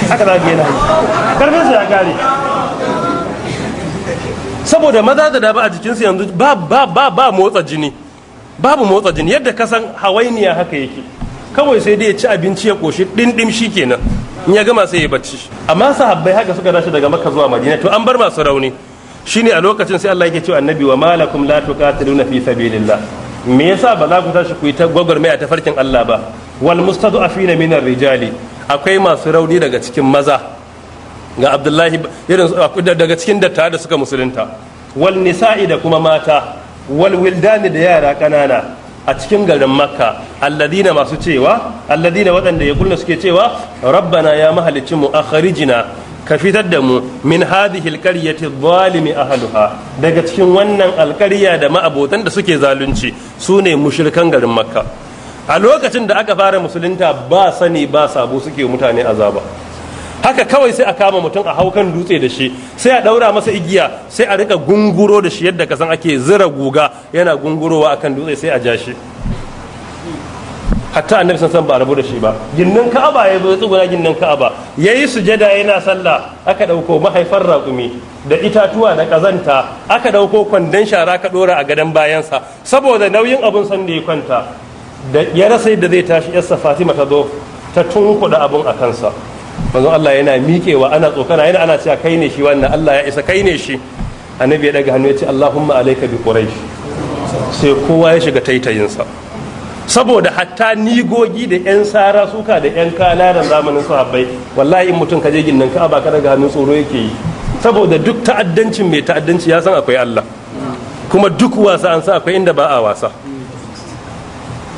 haka za yana yi karfin su ya kare saboda maza da daba a jikinsu yanzu ba motsa jini babu motsa jini yadda ka san hawainiya haka yake kawai sai dai ya ci abinci ya koshi ɗin ɗin shi kenan in ya gama sai ya bacci amma sahabbai haka suka tashi daga makka zuwa madina to an bar masu rauni shine a lokacin sai Allah yake cewa annabi wa malakum la tuqatiluna fi sabilillah me yasa ba za ku tashi ku yi ta gwagwarmaya ta farkin Allah ba wal mustad'afina min rijali akwai masu rauni daga cikin maza ga Abdullahi irin daga cikin dattawa da suka musulunta wal nisa'i da kuma mata wal wildani da yara kanana a cikin garin makka alladina masu cewa alladina waɗanda ya kulna suke cewa rabbana ya mahalicci mu akhrijina ka fitar da mu min hadhihi alqaryati zalimi ahluha daga cikin wannan alƙarya da ma'abotan da suke zalunci sune mushrikan garin makka a lokacin da aka fara musulunta ba sani ba sabo suke mutane azaba haka kawai sai a kama mutum a haukan dutse da shi sai a daura masa igiya sai a rika gunguro da shi yadda kasan ake zira guga yana gungurowa a kan dutse sai a ja shi hatta annabi san san ba rabu da shi ba ginnin ka'aba ya zo tsuguna ginnin ka'aba yayi sujada yana sallah aka dauko mahaifar raƙumi da itatuwa da kazanta aka dauko kwandon shara ka dora a gadon bayansa saboda nauyin abun san da ya kwanta da ya rasa yadda zai tashi yarsa Fatima ta zo ta tunkuɗa abun a kansa manzon Allah yana miƙewa ana tsokana yana ana cewa kai ne shi wannan Allah ya isa kai ne shi annabi ya daga hannu ya ce Allahumma alayka bi quraish sai kowa ya shiga taitayinsa saboda hatta nigogi da yan sara suka da yan da zamanin sahabbai wallahi in mutum ka je ginnan ka ba ka daga hannun tsoro yake yi saboda duk ta'addancin mai ta'addanci ya san akwai Allah kuma duk wasa an sa akwai inda ba a wasa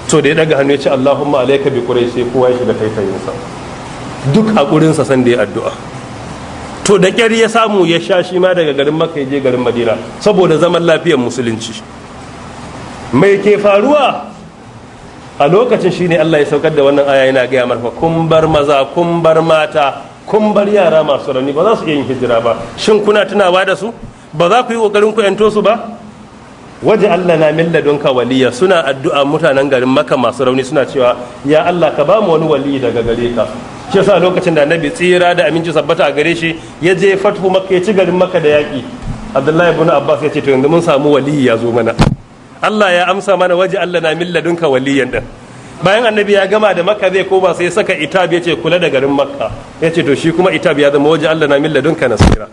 to da ya daga hannu ya ce Allahumma alayka bi quraish sai kowa ya shiga taitayinsa duk a gurinsa san da ya addu'a to da ƙyar ya samu ya sha shi ma daga garin maka ya je garin madina saboda zaman lafiyar musulunci mai ke faruwa a lokacin shi ne allah ya saukar da wannan aya yana gaya marfa kun bar maza kun bar mata kun bar yara masu rauni ba za su iya yin hijira ba shin kuna tunawa da su ba za ku yi kokarin ku yanto su ba waje Allah na milla don ka waliya suna addu'a mutanen garin maka masu rauni suna cewa ya Allah ka ba mu wani waliyi daga gare ka shi yasa lokacin da annabi tsira da aminci sabbata a gare shi ya je fatu makka ya ci garin makka da yaƙi abdullahi ibn abbas ya ce to yanzu mun samu waliyi ya zo mana allah ya amsa mana waje allah na min ladunka waliyan din bayan annabi ya gama da makka zai koma sai saka itab ya ce kula da garin makka ya ce to shi kuma itab ya zama waje allah na min ladunka nasira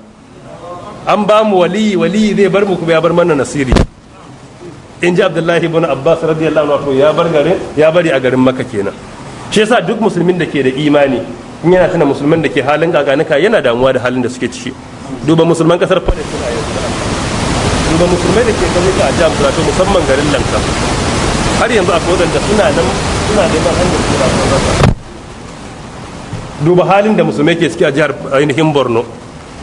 an ba mu waliyi waliyi zai bar mu kuma ya bar mana nasiri in ji abdullahi ibn abbas radiyallahu anhu ya bar garin ya bari a garin makka kenan shi yasa duk musulmin da ke da imani in yana tana musulman da ke halin gaganuka yana damuwa da halin da suke ciki duba musulman kasar suna yanzu duba musulmai da ke ta a jihar plateau musamman garin lanka har yanzu akwai wadanda suna nan suna neman hanyar su da duba halin da musulmai ke suke a jihar ainihin borno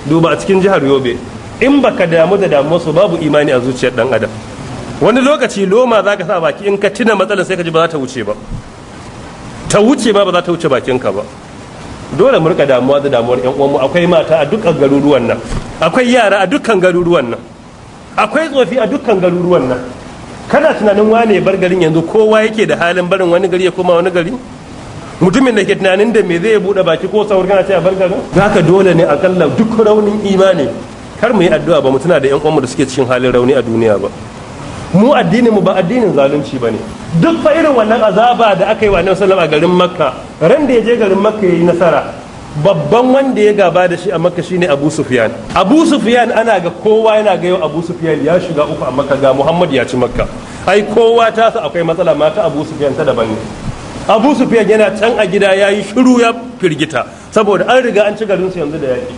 duba a cikin jihar yobe in baka damu da damuwarsu babu imani a zuciyar dan adam wani lokaci loma za ka sa baki in ka tuna matsalar sai ka ji ba za ta wuce ba ta wuce ba ba za ta wuce ka ba dole mu rika damuwa da damuwar yan uwanmu akwai mata a dukkan garuruwan nan akwai yara a dukkan garuruwan nan akwai tsofi a dukkan garuruwan nan kana tunanin wane bar garin yanzu kowa yake da halin barin wani gari ya koma wani gari mutumin da ke tunanin da me zai bude baki ko sauri kana ce a bar garin ka dole ne akalla duk raunin imani kar mu yi addu'a ba mu tuna da yan uwanmu da suke cikin halin rauni a duniya ba mu addinin mu ba addinin zalunci ba ne duk fa irin wannan azaba da aka yi wa Annabi sallallahu a garin Makka ran da ya je garin Makka yayi nasara babban wanda ya gaba da shi a Makka shine Abu Sufyan Abu Sufyan ana ga kowa yana ga yau Abu Sufyan ya shiga uku a Makka ga Muhammad ya ci Makka ai kowa ta su akwai matsala mata Abu Sufyan ta daban ne Abu Sufyan yana can a gida yayi shiru ya firgita saboda an riga an ci garin su yanzu da yaki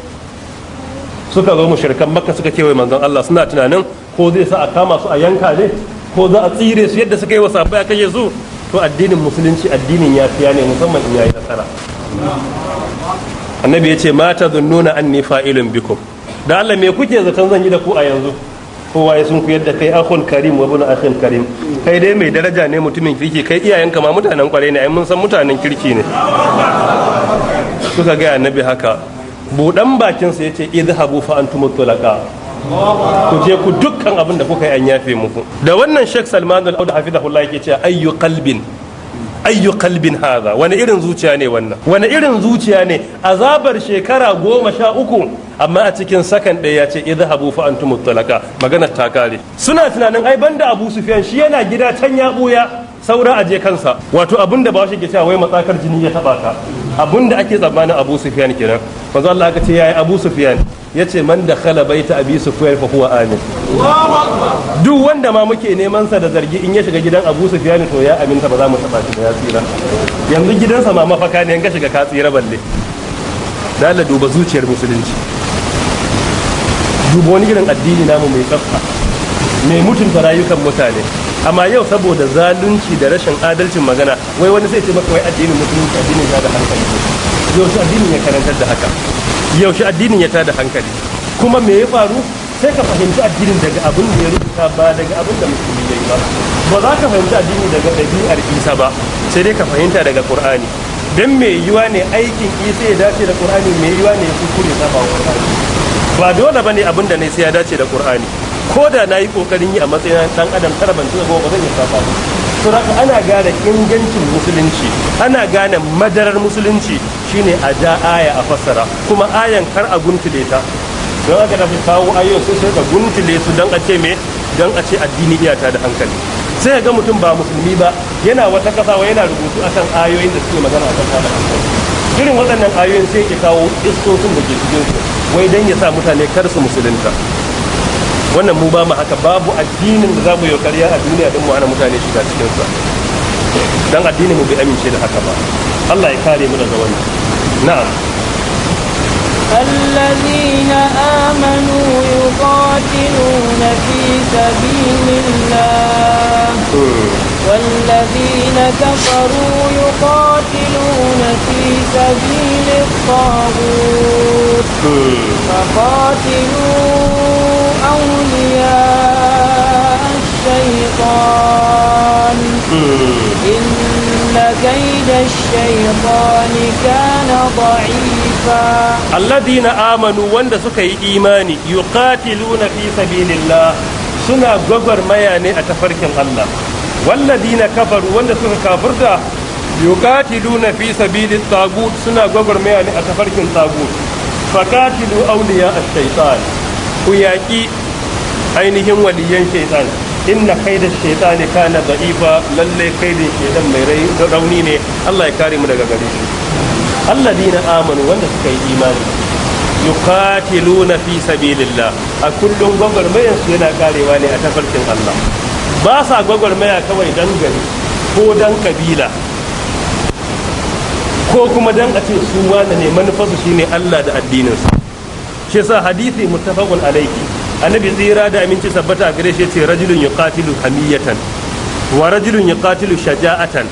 suka zo mushrikan Makka suka kewaye manzon Allah suna tunanin ko zai sa a kama su a yanka ne ko za a tsire su yadda suka yi wa bai a yazo to addinin musulunci addinin yafiya ne musamman in yayi nasara annabi ya ce mata zunnuna anni fa'ilun bikum da Allah me kuke zaton zan yi da ku a yanzu kowa ya sun ku da kai akhun karim wa ibn akhin karim kai dai mai daraja ne mutumin kirki kai iyayenka ma mutanen kware ne ai mun san mutanen kirki ne suka ga annabi haka budan bakin sa yace idhabu fa antum tulaqa ku je ku dukkan abin da kuka yi an yafe muku da wannan Sheikh Salman al-Aud hafizahullah yake cewa ayyu qalbin ayyu qalbin hadha wani irin zuciya ne wannan wani irin zuciya ne azabar shekara goma sha uku amma a cikin sakan ɗaya ya ce idhabu fa antum talaka maganar ta kare suna tunanin ai banda Abu Sufyan shi yana gida can ya buya saura aje kansa wato abin da ba shi ke cewa wai matsakar jini ya taɓa ka abin da ake tsammanin Abu Sufyan kenan manzo Allah ka ce yayi Abu Sufyan ya ce man da khalabai ta abi su fa huwa amin duk wanda ma muke neman sa da zargi in ya shiga gidan abu sufyan to ya aminta ba za mu taba shi ya tsira yanzu gidansa ma mafaka ne in ka shiga ka tsira balle dala duba zuciyar musulunci duba wani gidan addini namu mai tsafta mai mutunta rayukan mutane amma yau saboda zalunci da rashin adalcin magana wai wani sai ce maka wai addinin musulunci addinin ya da hankali yaushe addinin ya karantar da haka yaushe addinin ya tada hankali kuma me ya faru sai ka fahimci addinin daga abin da ya rubuta ba daga abin da musulmi ya yi ba ba za ka fahimci addini daga ɗabi'ar isa ba sai dai ka fahimta daga qur'ani don me yiwa ne aikin isa ya dace da qur'ani me yiwa ne ya kuskure saba wa ba dole ba ne abin da ne sai ya dace da ƙur'ani ko da na yi ƙoƙarin yi a matsayin ɗan adam tara ban tuna ba zan yi safa to haka ana gane ingancin musulunci ana gane madarar musulunci shine a ja aya a fassara kuma ayan kar a guntule ta don aka tafi kawo ayoyin sai sai ka guntule su don a ce me don a ce addini iyata da hankali sai ga mutum ba musulmi ba yana wata kasa wa yana rubutu akan ayoyin da suke magana akan tada hankali irin waɗannan ayoyin sai ke kawo iskokin da ke cikin su wai don ya sa mutane kar su musulunta wannan mu ba mu haka babu addinin da za mu yi ƙarya a duniya don mu hana mutane shiga sa don addinin mu bai amince da haka ba Allah ya kare mu daga wannan na'am الذين آمنوا يقاتلون في سبيل الله hmm. والذين كفروا يقاتلون في سبيل الطاغوت فقاتلوا أولياء الشيطان إن كيد الشيطان كان ضعيفا الذين آمنوا وند سكي إيماني يقاتلون في سبيل الله سنة غبر مياني أتفركن الله walladina kafaru wanda suka kafirta yuqatiluna fi sabilit tagut suna gwagwarmaya ne a tafarkin tagut fakatilu awliya ash-shaytan ku yaki ainihin waliyan shaytan inna kaida shaytani kana da'ifa lalle kaidin shaytan mai rai rauni ne Allah ya kare mu daga gare shi alladina amanu wanda suka yi imani yuqatiluna fi sabilillah a kullum gwagwarmayan su yana karewa ne a tafarkin Allah ba sa gwagwarmaya kawai dan gari ko dan kabila ko kuma dan a ce su wane ne manufarsu shine Allah da addininsu shi sa hadisi muttafaqun alaiki. annabi tsira da aminci sabbata a gare shi ce rajulun katilu hamiyatan wa rajulun katilu shaja'atan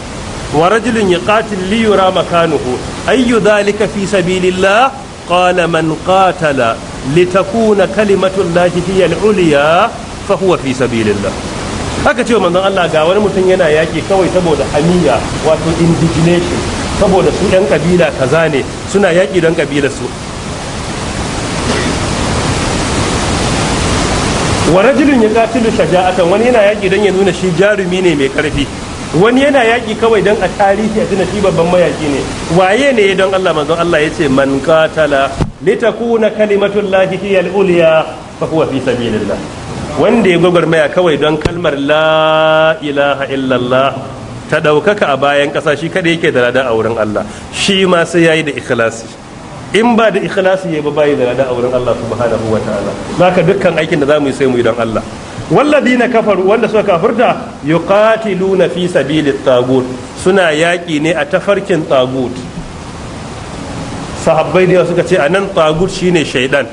wa rajulun ya li liyura makanuhu ayyu dhalika fi sabilillah qala man qatala litakuna kalimatu llahi hiya al-ulya fa huwa fi sabilillah haka ce manzon Allah ga wani mutum yana yaƙi kawai saboda hamiya wato indignation saboda su yan kabila kaza ne suna yaƙi don kabilar su wani jirin ya katilu shaja'atan wani yana yaƙi don ya nuna shi jarumi ne mai karfi wani yana yaƙi kawai don a tarihi a tuna shi babban mayaƙi ne waye ne don Allah manzon Allah ya ce man qatala litakuna kalimatullahi hiya al-ulya fa huwa fi sabilillah wanda ya maya kawai don kalmar la ilaha illallah ta ɗaukaka a bayan ƙasa shi kada yake da lada a wurin Allah shi ma sai yi da ikhlasi in ba da ikhlasi ya ba bayi da lada a wurin Allah subhanahu wa ta'ala zaka dukkan aikin da za mu yi sai mu yi don Allah walladina kafar wanda suka kafirta yuqatiluna fi sabili tagut suna yaƙi ne a tafarkin tagut sahabbai da suka ce anan tagut shine shaidan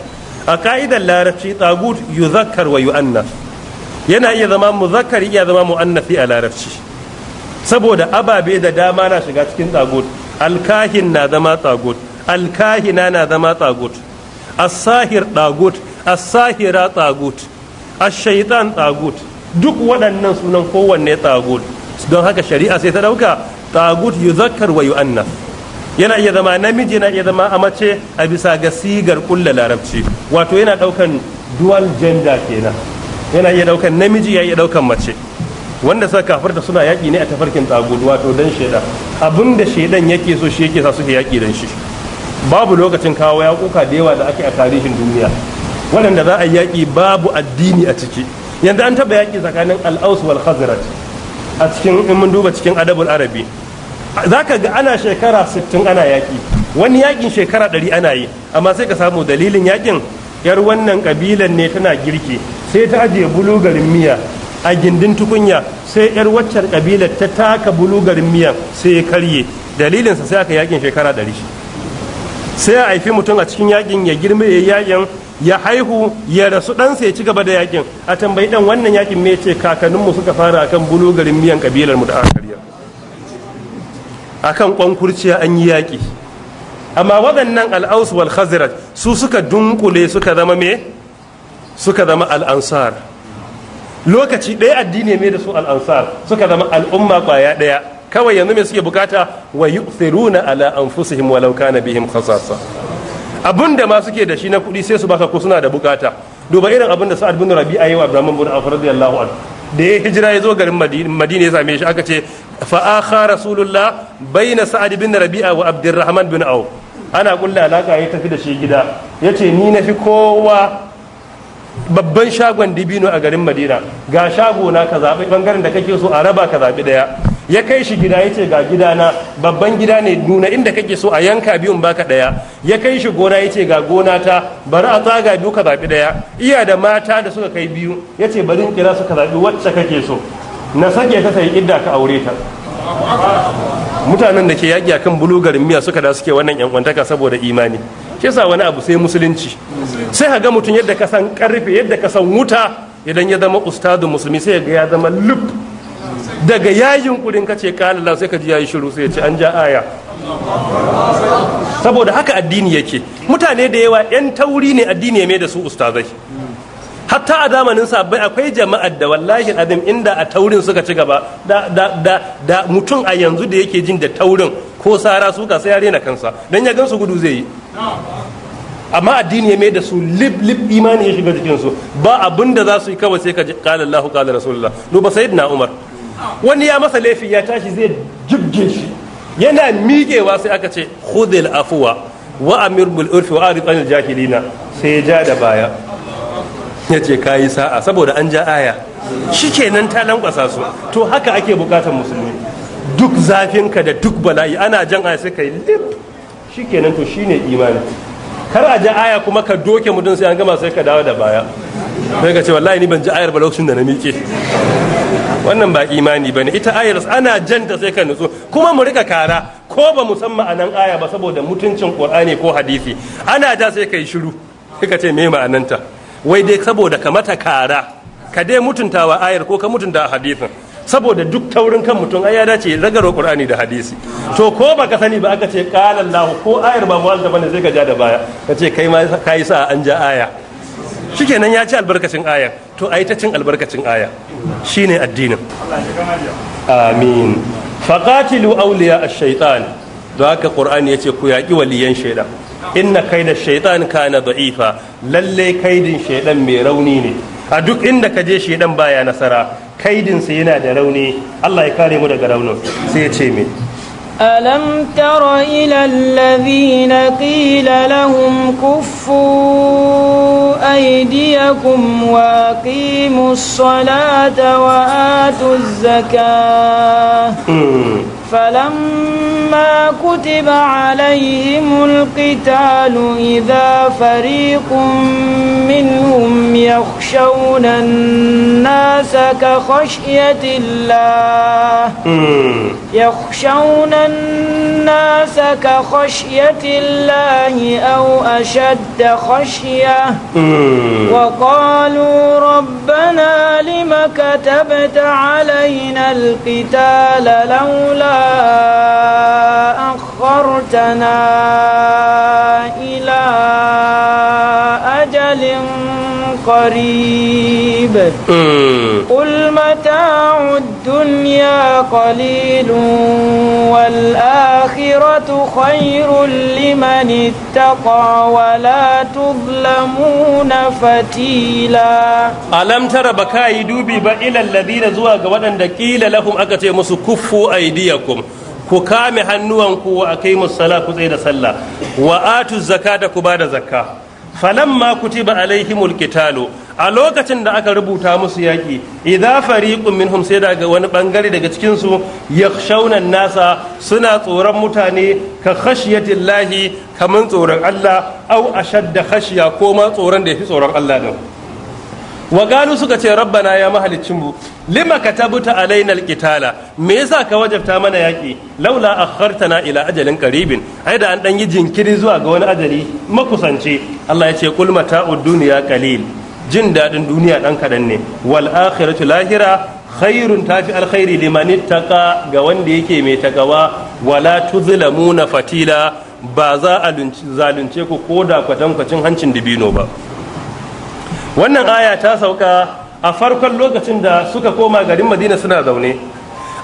a ka'idar larabci tagut zakar wa yu'annas yana iya zama zakar, iya zama mu'annasi a larabci saboda ababe da dama na shiga cikin tagut alkahin na zama tagut alkahina na zama tagut asahir sahir tagut as-sahira tagut ash tagut duk waɗannan sunan kowanne tagut don haka shari'a sai ta ɗauka tagut zakar wa yu'annas yana iya zama namiji yana iya zama a mace a bisa ga sigar kulla larabci wato yana daukan dual gender kenan yana iya daukan namiji ya iya daukan mace wanda suka kafarta suna yaki ne a tafarkin tsagudu wato dan sheda abin da shaidan yake so shi yake sa suke yaki dan shi babu lokacin kawo yakuka da yawa da ake a tarihin duniya waɗanda za a yaki babu addini a ciki yanzu an taba yaki tsakanin al'aus wal khazraj a cikin in mun duba cikin adabul arabi za ka ga ana shekara 60 ana yaƙi wani yaƙin shekara 100 ana yi amma sai ka samu dalilin yaƙin yar wannan ƙabilan ne tana girki sai ta ajiye bulugarin miya a gindin tukunya sai yar waccan ƙabilar ta taka bulugarin miya sai ya karye dalilinsa sai aka yaƙin shekara 100 sai a haifi mutum a cikin yaƙin ya girma ya yaƙin ya haihu ya rasu ɗansa ya ci gaba da yaƙin a tambayi ɗan wannan yaƙin me ce kakanninmu suka fara akan bulugarin miyan kabilar mu da aka akan kwankurciya an yi yaƙi amma waɗannan al'aus wal khazraj su suka dunkule suka zama me suka zama al'ansar lokaci ɗaya addini mai da su al'ansar suka zama al'umma ƙwaya ɗaya kawai yanzu mai suke bukata wa yu'thiruna ala anfusihim walau na bihim khasasa da ma suke da shi na kuɗi sai su baka ko suna da bukata duba irin abin da sa'ad bin rabi'a yi wa abdurrahman bin auf radiyallahu anhu da ya hijira ya zo garin madina ya same shi aka ce fa'akha rasulullah baina sa'ad bin rabi'a wa abdurrahman bin au ana kulla alaka ya tafi da shi gida yace ni na fi kowa babban shagon dibino a garin madina ga shago na ka zaɓi bangaren da kake so a raba ka zaɓi ɗaya ya kai shi gida ya ce ga gidana babban gida ne nuna inda kake so a yanka biyun baka daya ya kai shi gona ya ce ga gona ta bari a tsaga biyu ka zaɓi daya iya da mata da suka kai biyu ya ce bari kira su ka zaɓi wacce kake so na sake ta sai idda ka aure ta mutanen da ke yaƙi a kan miya suka da suke wannan yankwantaka saboda imani ke wani abu sai musulunci sai ka ga mutum yadda ka san karfe yadda ka san wuta idan ya zama ustadu musulmi sai ga ya zama lup daga yayin kudin kace qala Allah sai ka ji yayi shiru sai ce an ja aya saboda haka addini yake mutane da yawa yan tauri ne addini ya mai da su ustazai hatta a zamanin sabbai akwai jama'ar da wallahi abin inda a taurin suka ci gaba da, da, mutum a yanzu da yake jin da taurin ko sara suka sai ya rena kansa dan ya gan su gudu zai yi amma addini ya mai da su lib lib imani ya shiga su ba abin da za su yi kawai sai ka ji kala Allahu kala Rasulullah duba sayyidina Umar wani ya masa laifi ya tashi zai jibge shi yana miƙewa sai aka ce hudil afuwa wa amir bulurfi wa arif anil jahilina sai ya ja da baya ya ce kayi sa'a saboda an ja aya shikenan ta lankwasa su to haka ake bukatar musulmi duk zafinka da duk bala'i ana jan aya sai kai lip shikenan to shine imani kar a ja aya kuma ka doke mutum sai an gama sai ka dawo da baya sai ka ce wallahi ni ban ji ayar ba lokacin da na miƙe wannan ba imani ba ne ita ayar ana janta sai ka nutsu kuma mu rika kara ko ba mu san ma'anan aya ba saboda mutuncin qur'ani ko hadisi ana da sai kai shiru ka ce me ma'ananta wai dai saboda ka mata kara ka dai mutuntawa ayar ko ka mutunta hadisin saboda duk taurin kan mutum ai ya dace ragaro qur'ani da hadisi to ko baka sani ba aka ce qala allah ko ayar ba muwalta bane sai ka ja da baya ce kai ma kai sa an ja aya shikenan ya ci albarkacin aya to ai ta cin albarkacin aya shi ne addinin amin faƙatilu auliya a shaitan don haka ya ce ku yaki waliyan shaytan inna da shaiɗan, kana da'ifa Lallai kaidin shaiɗan mai rauni ne a duk inda ka je shaiɗan baya nasara kaidinsa yana da rauni Allah ya kare mu daga raunin sai ya ce mai ألم تر إلى الذين قيل لهم كفوا أيديكم وأقيموا الصلاة وآتوا الزكاة فلما كتب عليهم القتال إذا فريق منهم يخشون الناس كخشية الله يخشون الناس كخشية الله أو أشد خشية وقالوا ربنا لم كتبت علينا القتال لولا أخرتنا إلى قريب قل متاع الدنيا قليل والآخرة خير لمن اتقى ولا تظلمون فتيلا ألم تر بكاي دوبي با إلى الذين زوا غودن دقيل لهم أكتي مسو كفوا أيديكم ku kame hannuwanku wa aqimus sala ku tsaye da sallah wa atu zakata ku bada zakka falamma kutiba alaihimul qitalu a lokacin da aka rubuta musu yaki idza fariqun minhum sai daga wani bangare daga cikin su yakhshawna nasa suna tsoron mutane ka khashiyatillahi kaman tsoron Allah au ashadda khashiya ko ma tsoron da yafi tsoron Allah din wa gano suka ce rabbana ya mahalicin mu lima ka tabuta alainar kitala me yasa ka wajabta mana yaki laula akhartana ila ajalin karibin ai da an ɗan yi jinkiri zuwa ga wani ajali makusance Allah ya ce qul mata'ud dunya qalil jin daɗin duniya ɗan kadan ne wal akhiratu lahira khairun tafi alkhairi liman ittaqa ga wanda yake mai takawa wala tuzlamuna fatila ba za a zalunce ku ko da kwatankwacin hancin dibino ba wannan aya ta sauka a farkon lokacin da suka koma garin madina suna zaune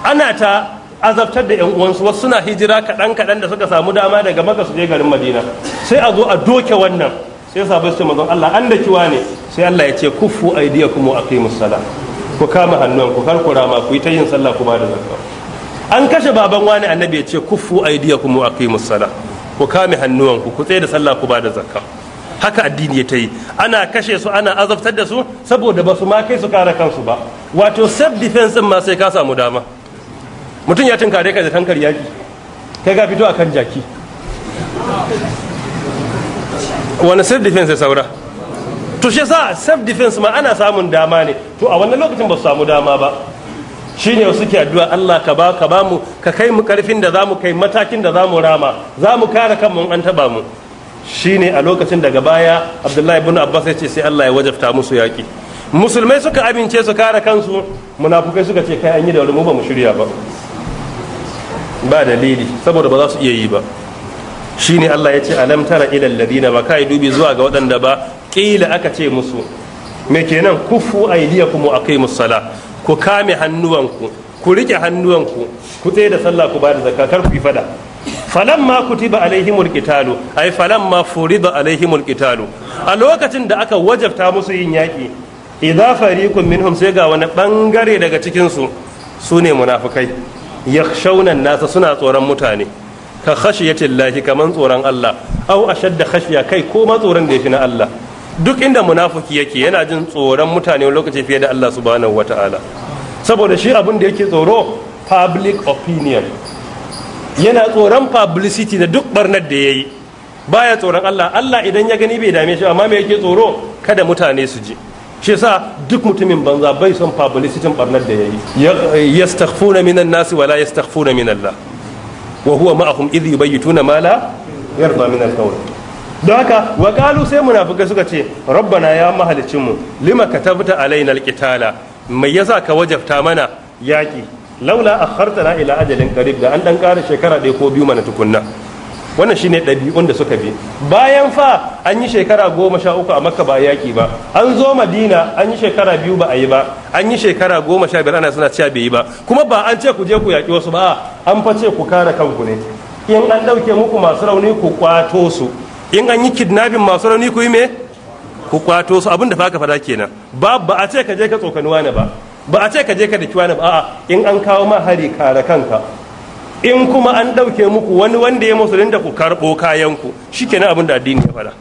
ana ta azabtar da 'yan uwansu wasu suna hijira kaɗan kaɗan da suka samu dama daga maka su je garin madina sai a zo a doke wannan sai sabu su mazan allah an da kiwa ne sai allah ya ce kufu aidiya kuma a kai musala ku kama hannun ku karkura ma ku yi ta yin sallah kuma da zakka an kashe baban wani annabi ya ce kufu aidiya kuma a kai musala ku kame hannuwan ku tsaye da sallah ku ba da zakka haka addini ya ta yi ana kashe su ana azabtar da su saboda ba su ma kai su kare kansu ba wato self defense ma sai ka samu dama mutum ya tunkare ka da tankar yaki kai ga fito akan jaki wani self defense ya saura to shi sa self defense ma ana samun dama ne to a wannan lokacin ba su samu dama ba shine wasu ke addu'a Allah ka ba ka ba mu ka kai mu karfin da zamu kai matakin da zamu rama zamu kare kanmu an taba mu shine a lokacin daga baya abdullahi ibn abbas ya ce sai allah ya wajabta musu yaƙi musulmai suka abince su kare kansu munafukai suka ce kai an yi da wani mu ba mu shirya ba ba dalili saboda ba za su iya yi ba shine allah ya ce alam tara ila alladhina ba kai dubi zuwa ga waɗanda ba ƙila aka ce musu me kenan kufu aydiyakum wa aqimus sala ku kame hannuwanku ku rike hannuwanku ku tsaye da sallah ku ba da zakka kar ku yi fada Falan ma kutiba alaihimul qitalu ay ma furida alaihimul qitalu a lokacin da aka wajabta musu yin yaki idza fariqun minhum sai ga wani bangare daga cikin su sune munafikai yakhshawna nasa suna tsoron mutane ka khashiyatillahi kaman tsoron Allah aw ashadda khashiya kai ko ma tsoron da yafi na Allah duk inda munafiki yake yana jin tsoron mutane lokaci fiye da Allah subhanahu wataala saboda shi abin da yake tsoro public opinion yana tsoron publicity da duk barnar da ya yi baya tsoron Allah Allah idan ya gani bai dame shi amma me yake tsoro kada mutane su ji shi yasa duk mutumin banza bai son publicity barnar da ya yi yastaghfuna minan nasi wala yastaghfuna min Allah wa huwa ma'ahum idh yubayyituna ma la yarda min al-qawl don haka wa qalu sai munafikai suka ce rabbana ya mahalicin mu lima katabta alaina al-qitala mai yasa ka wajabta mana yaki laula na ila ajalin karib da an dan kara shekara ɗaya ko biyu mana tukunna wannan shine ɗabi'un da suka bi bayan fa an yi shekara goma sha uku a makka ba yaƙi ba an zo madina an yi shekara biyu ba a yi ba an yi shekara goma sha biyar ana suna cewa bai yi ba kuma ba an ce ku je ku yaƙi wasu ba an fa ce ku kare kanku ne in an ɗauke muku masu rauni ku kwato su in an yi kidnapping masu rauni ku yi me ku kwato su abin da fa ka faɗa kenan babu ba a ce ka je ka tsokani wani ba ba a ce ka je ka da wani ba a in an kawo ma hari kare kanka in kuma an ɗauke muku wani wanda ya musu da ku karɓo kayanku shikenan abin da addini ya faɗa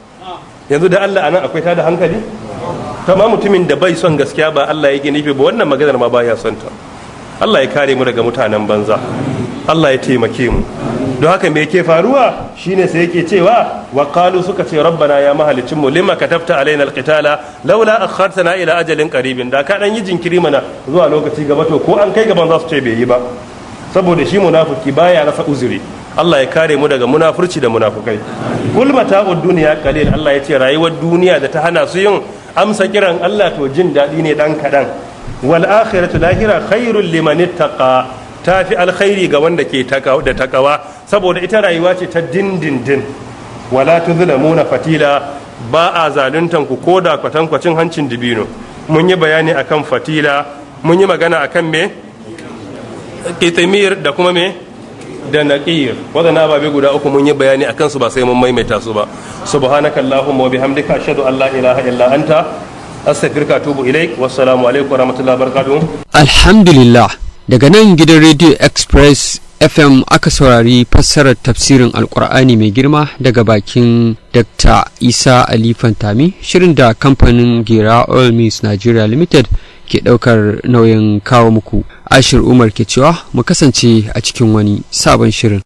yanzu da Allah anan akwai ta da hankali ta ma mutumin da bai son gaskiya ba Allah ya gina ba wannan maganar ma baya son ta Allah ya kare mu daga mutanen banza Allah ya taimake mu don haka me yake faruwa shine sai yake cewa wa qalu suka ce rabbana ya mahalicin mu lima katafta alaina alqitala laula akhartana ila ajalin qaribin da ka dan yi jinkiri mana zuwa lokaci gaba to ko an kai gaban za su ce bai yi ba saboda shi munafiki baya rasa uzuri Allah ya kare mu daga munafurci da munafukai kul mata'ud dunya qalil Allah ya ce rayuwar duniya da ta hana su yin amsa kiran Allah to jin dadi ne dan kadan wal akhiratu lahira khairul liman ittaqa ta fi alkhairi ga wanda ke da takawa saboda ita rayuwa ce ta dindindin wala na fatila ba a zaluntan ku ko da kwatankwacin hancin dibino mun yi bayani akan fatila mun yi magana akan me kitimir da kuma me da naqir wadannan ababe guda uku mun yi bayani akan su ba sai mun maimaita su ba subhanaka allahumma wa bihamdika ashhadu an la ilaha illa anta astaghfiruka wa atubu ilaik wassalamu alaikum wa rahmatullahi wa barakatuh alhamdulillah daga nan gidan radio express fm aka saurari fassarar tafsirin alkur'ani mai girma daga bakin dr isa ali fantami shirin da kamfanin gera oil mills nigeria limited ke daukar nauyin kawo muku ashir umar ke cewa mu kasance a cikin wani sabon shirin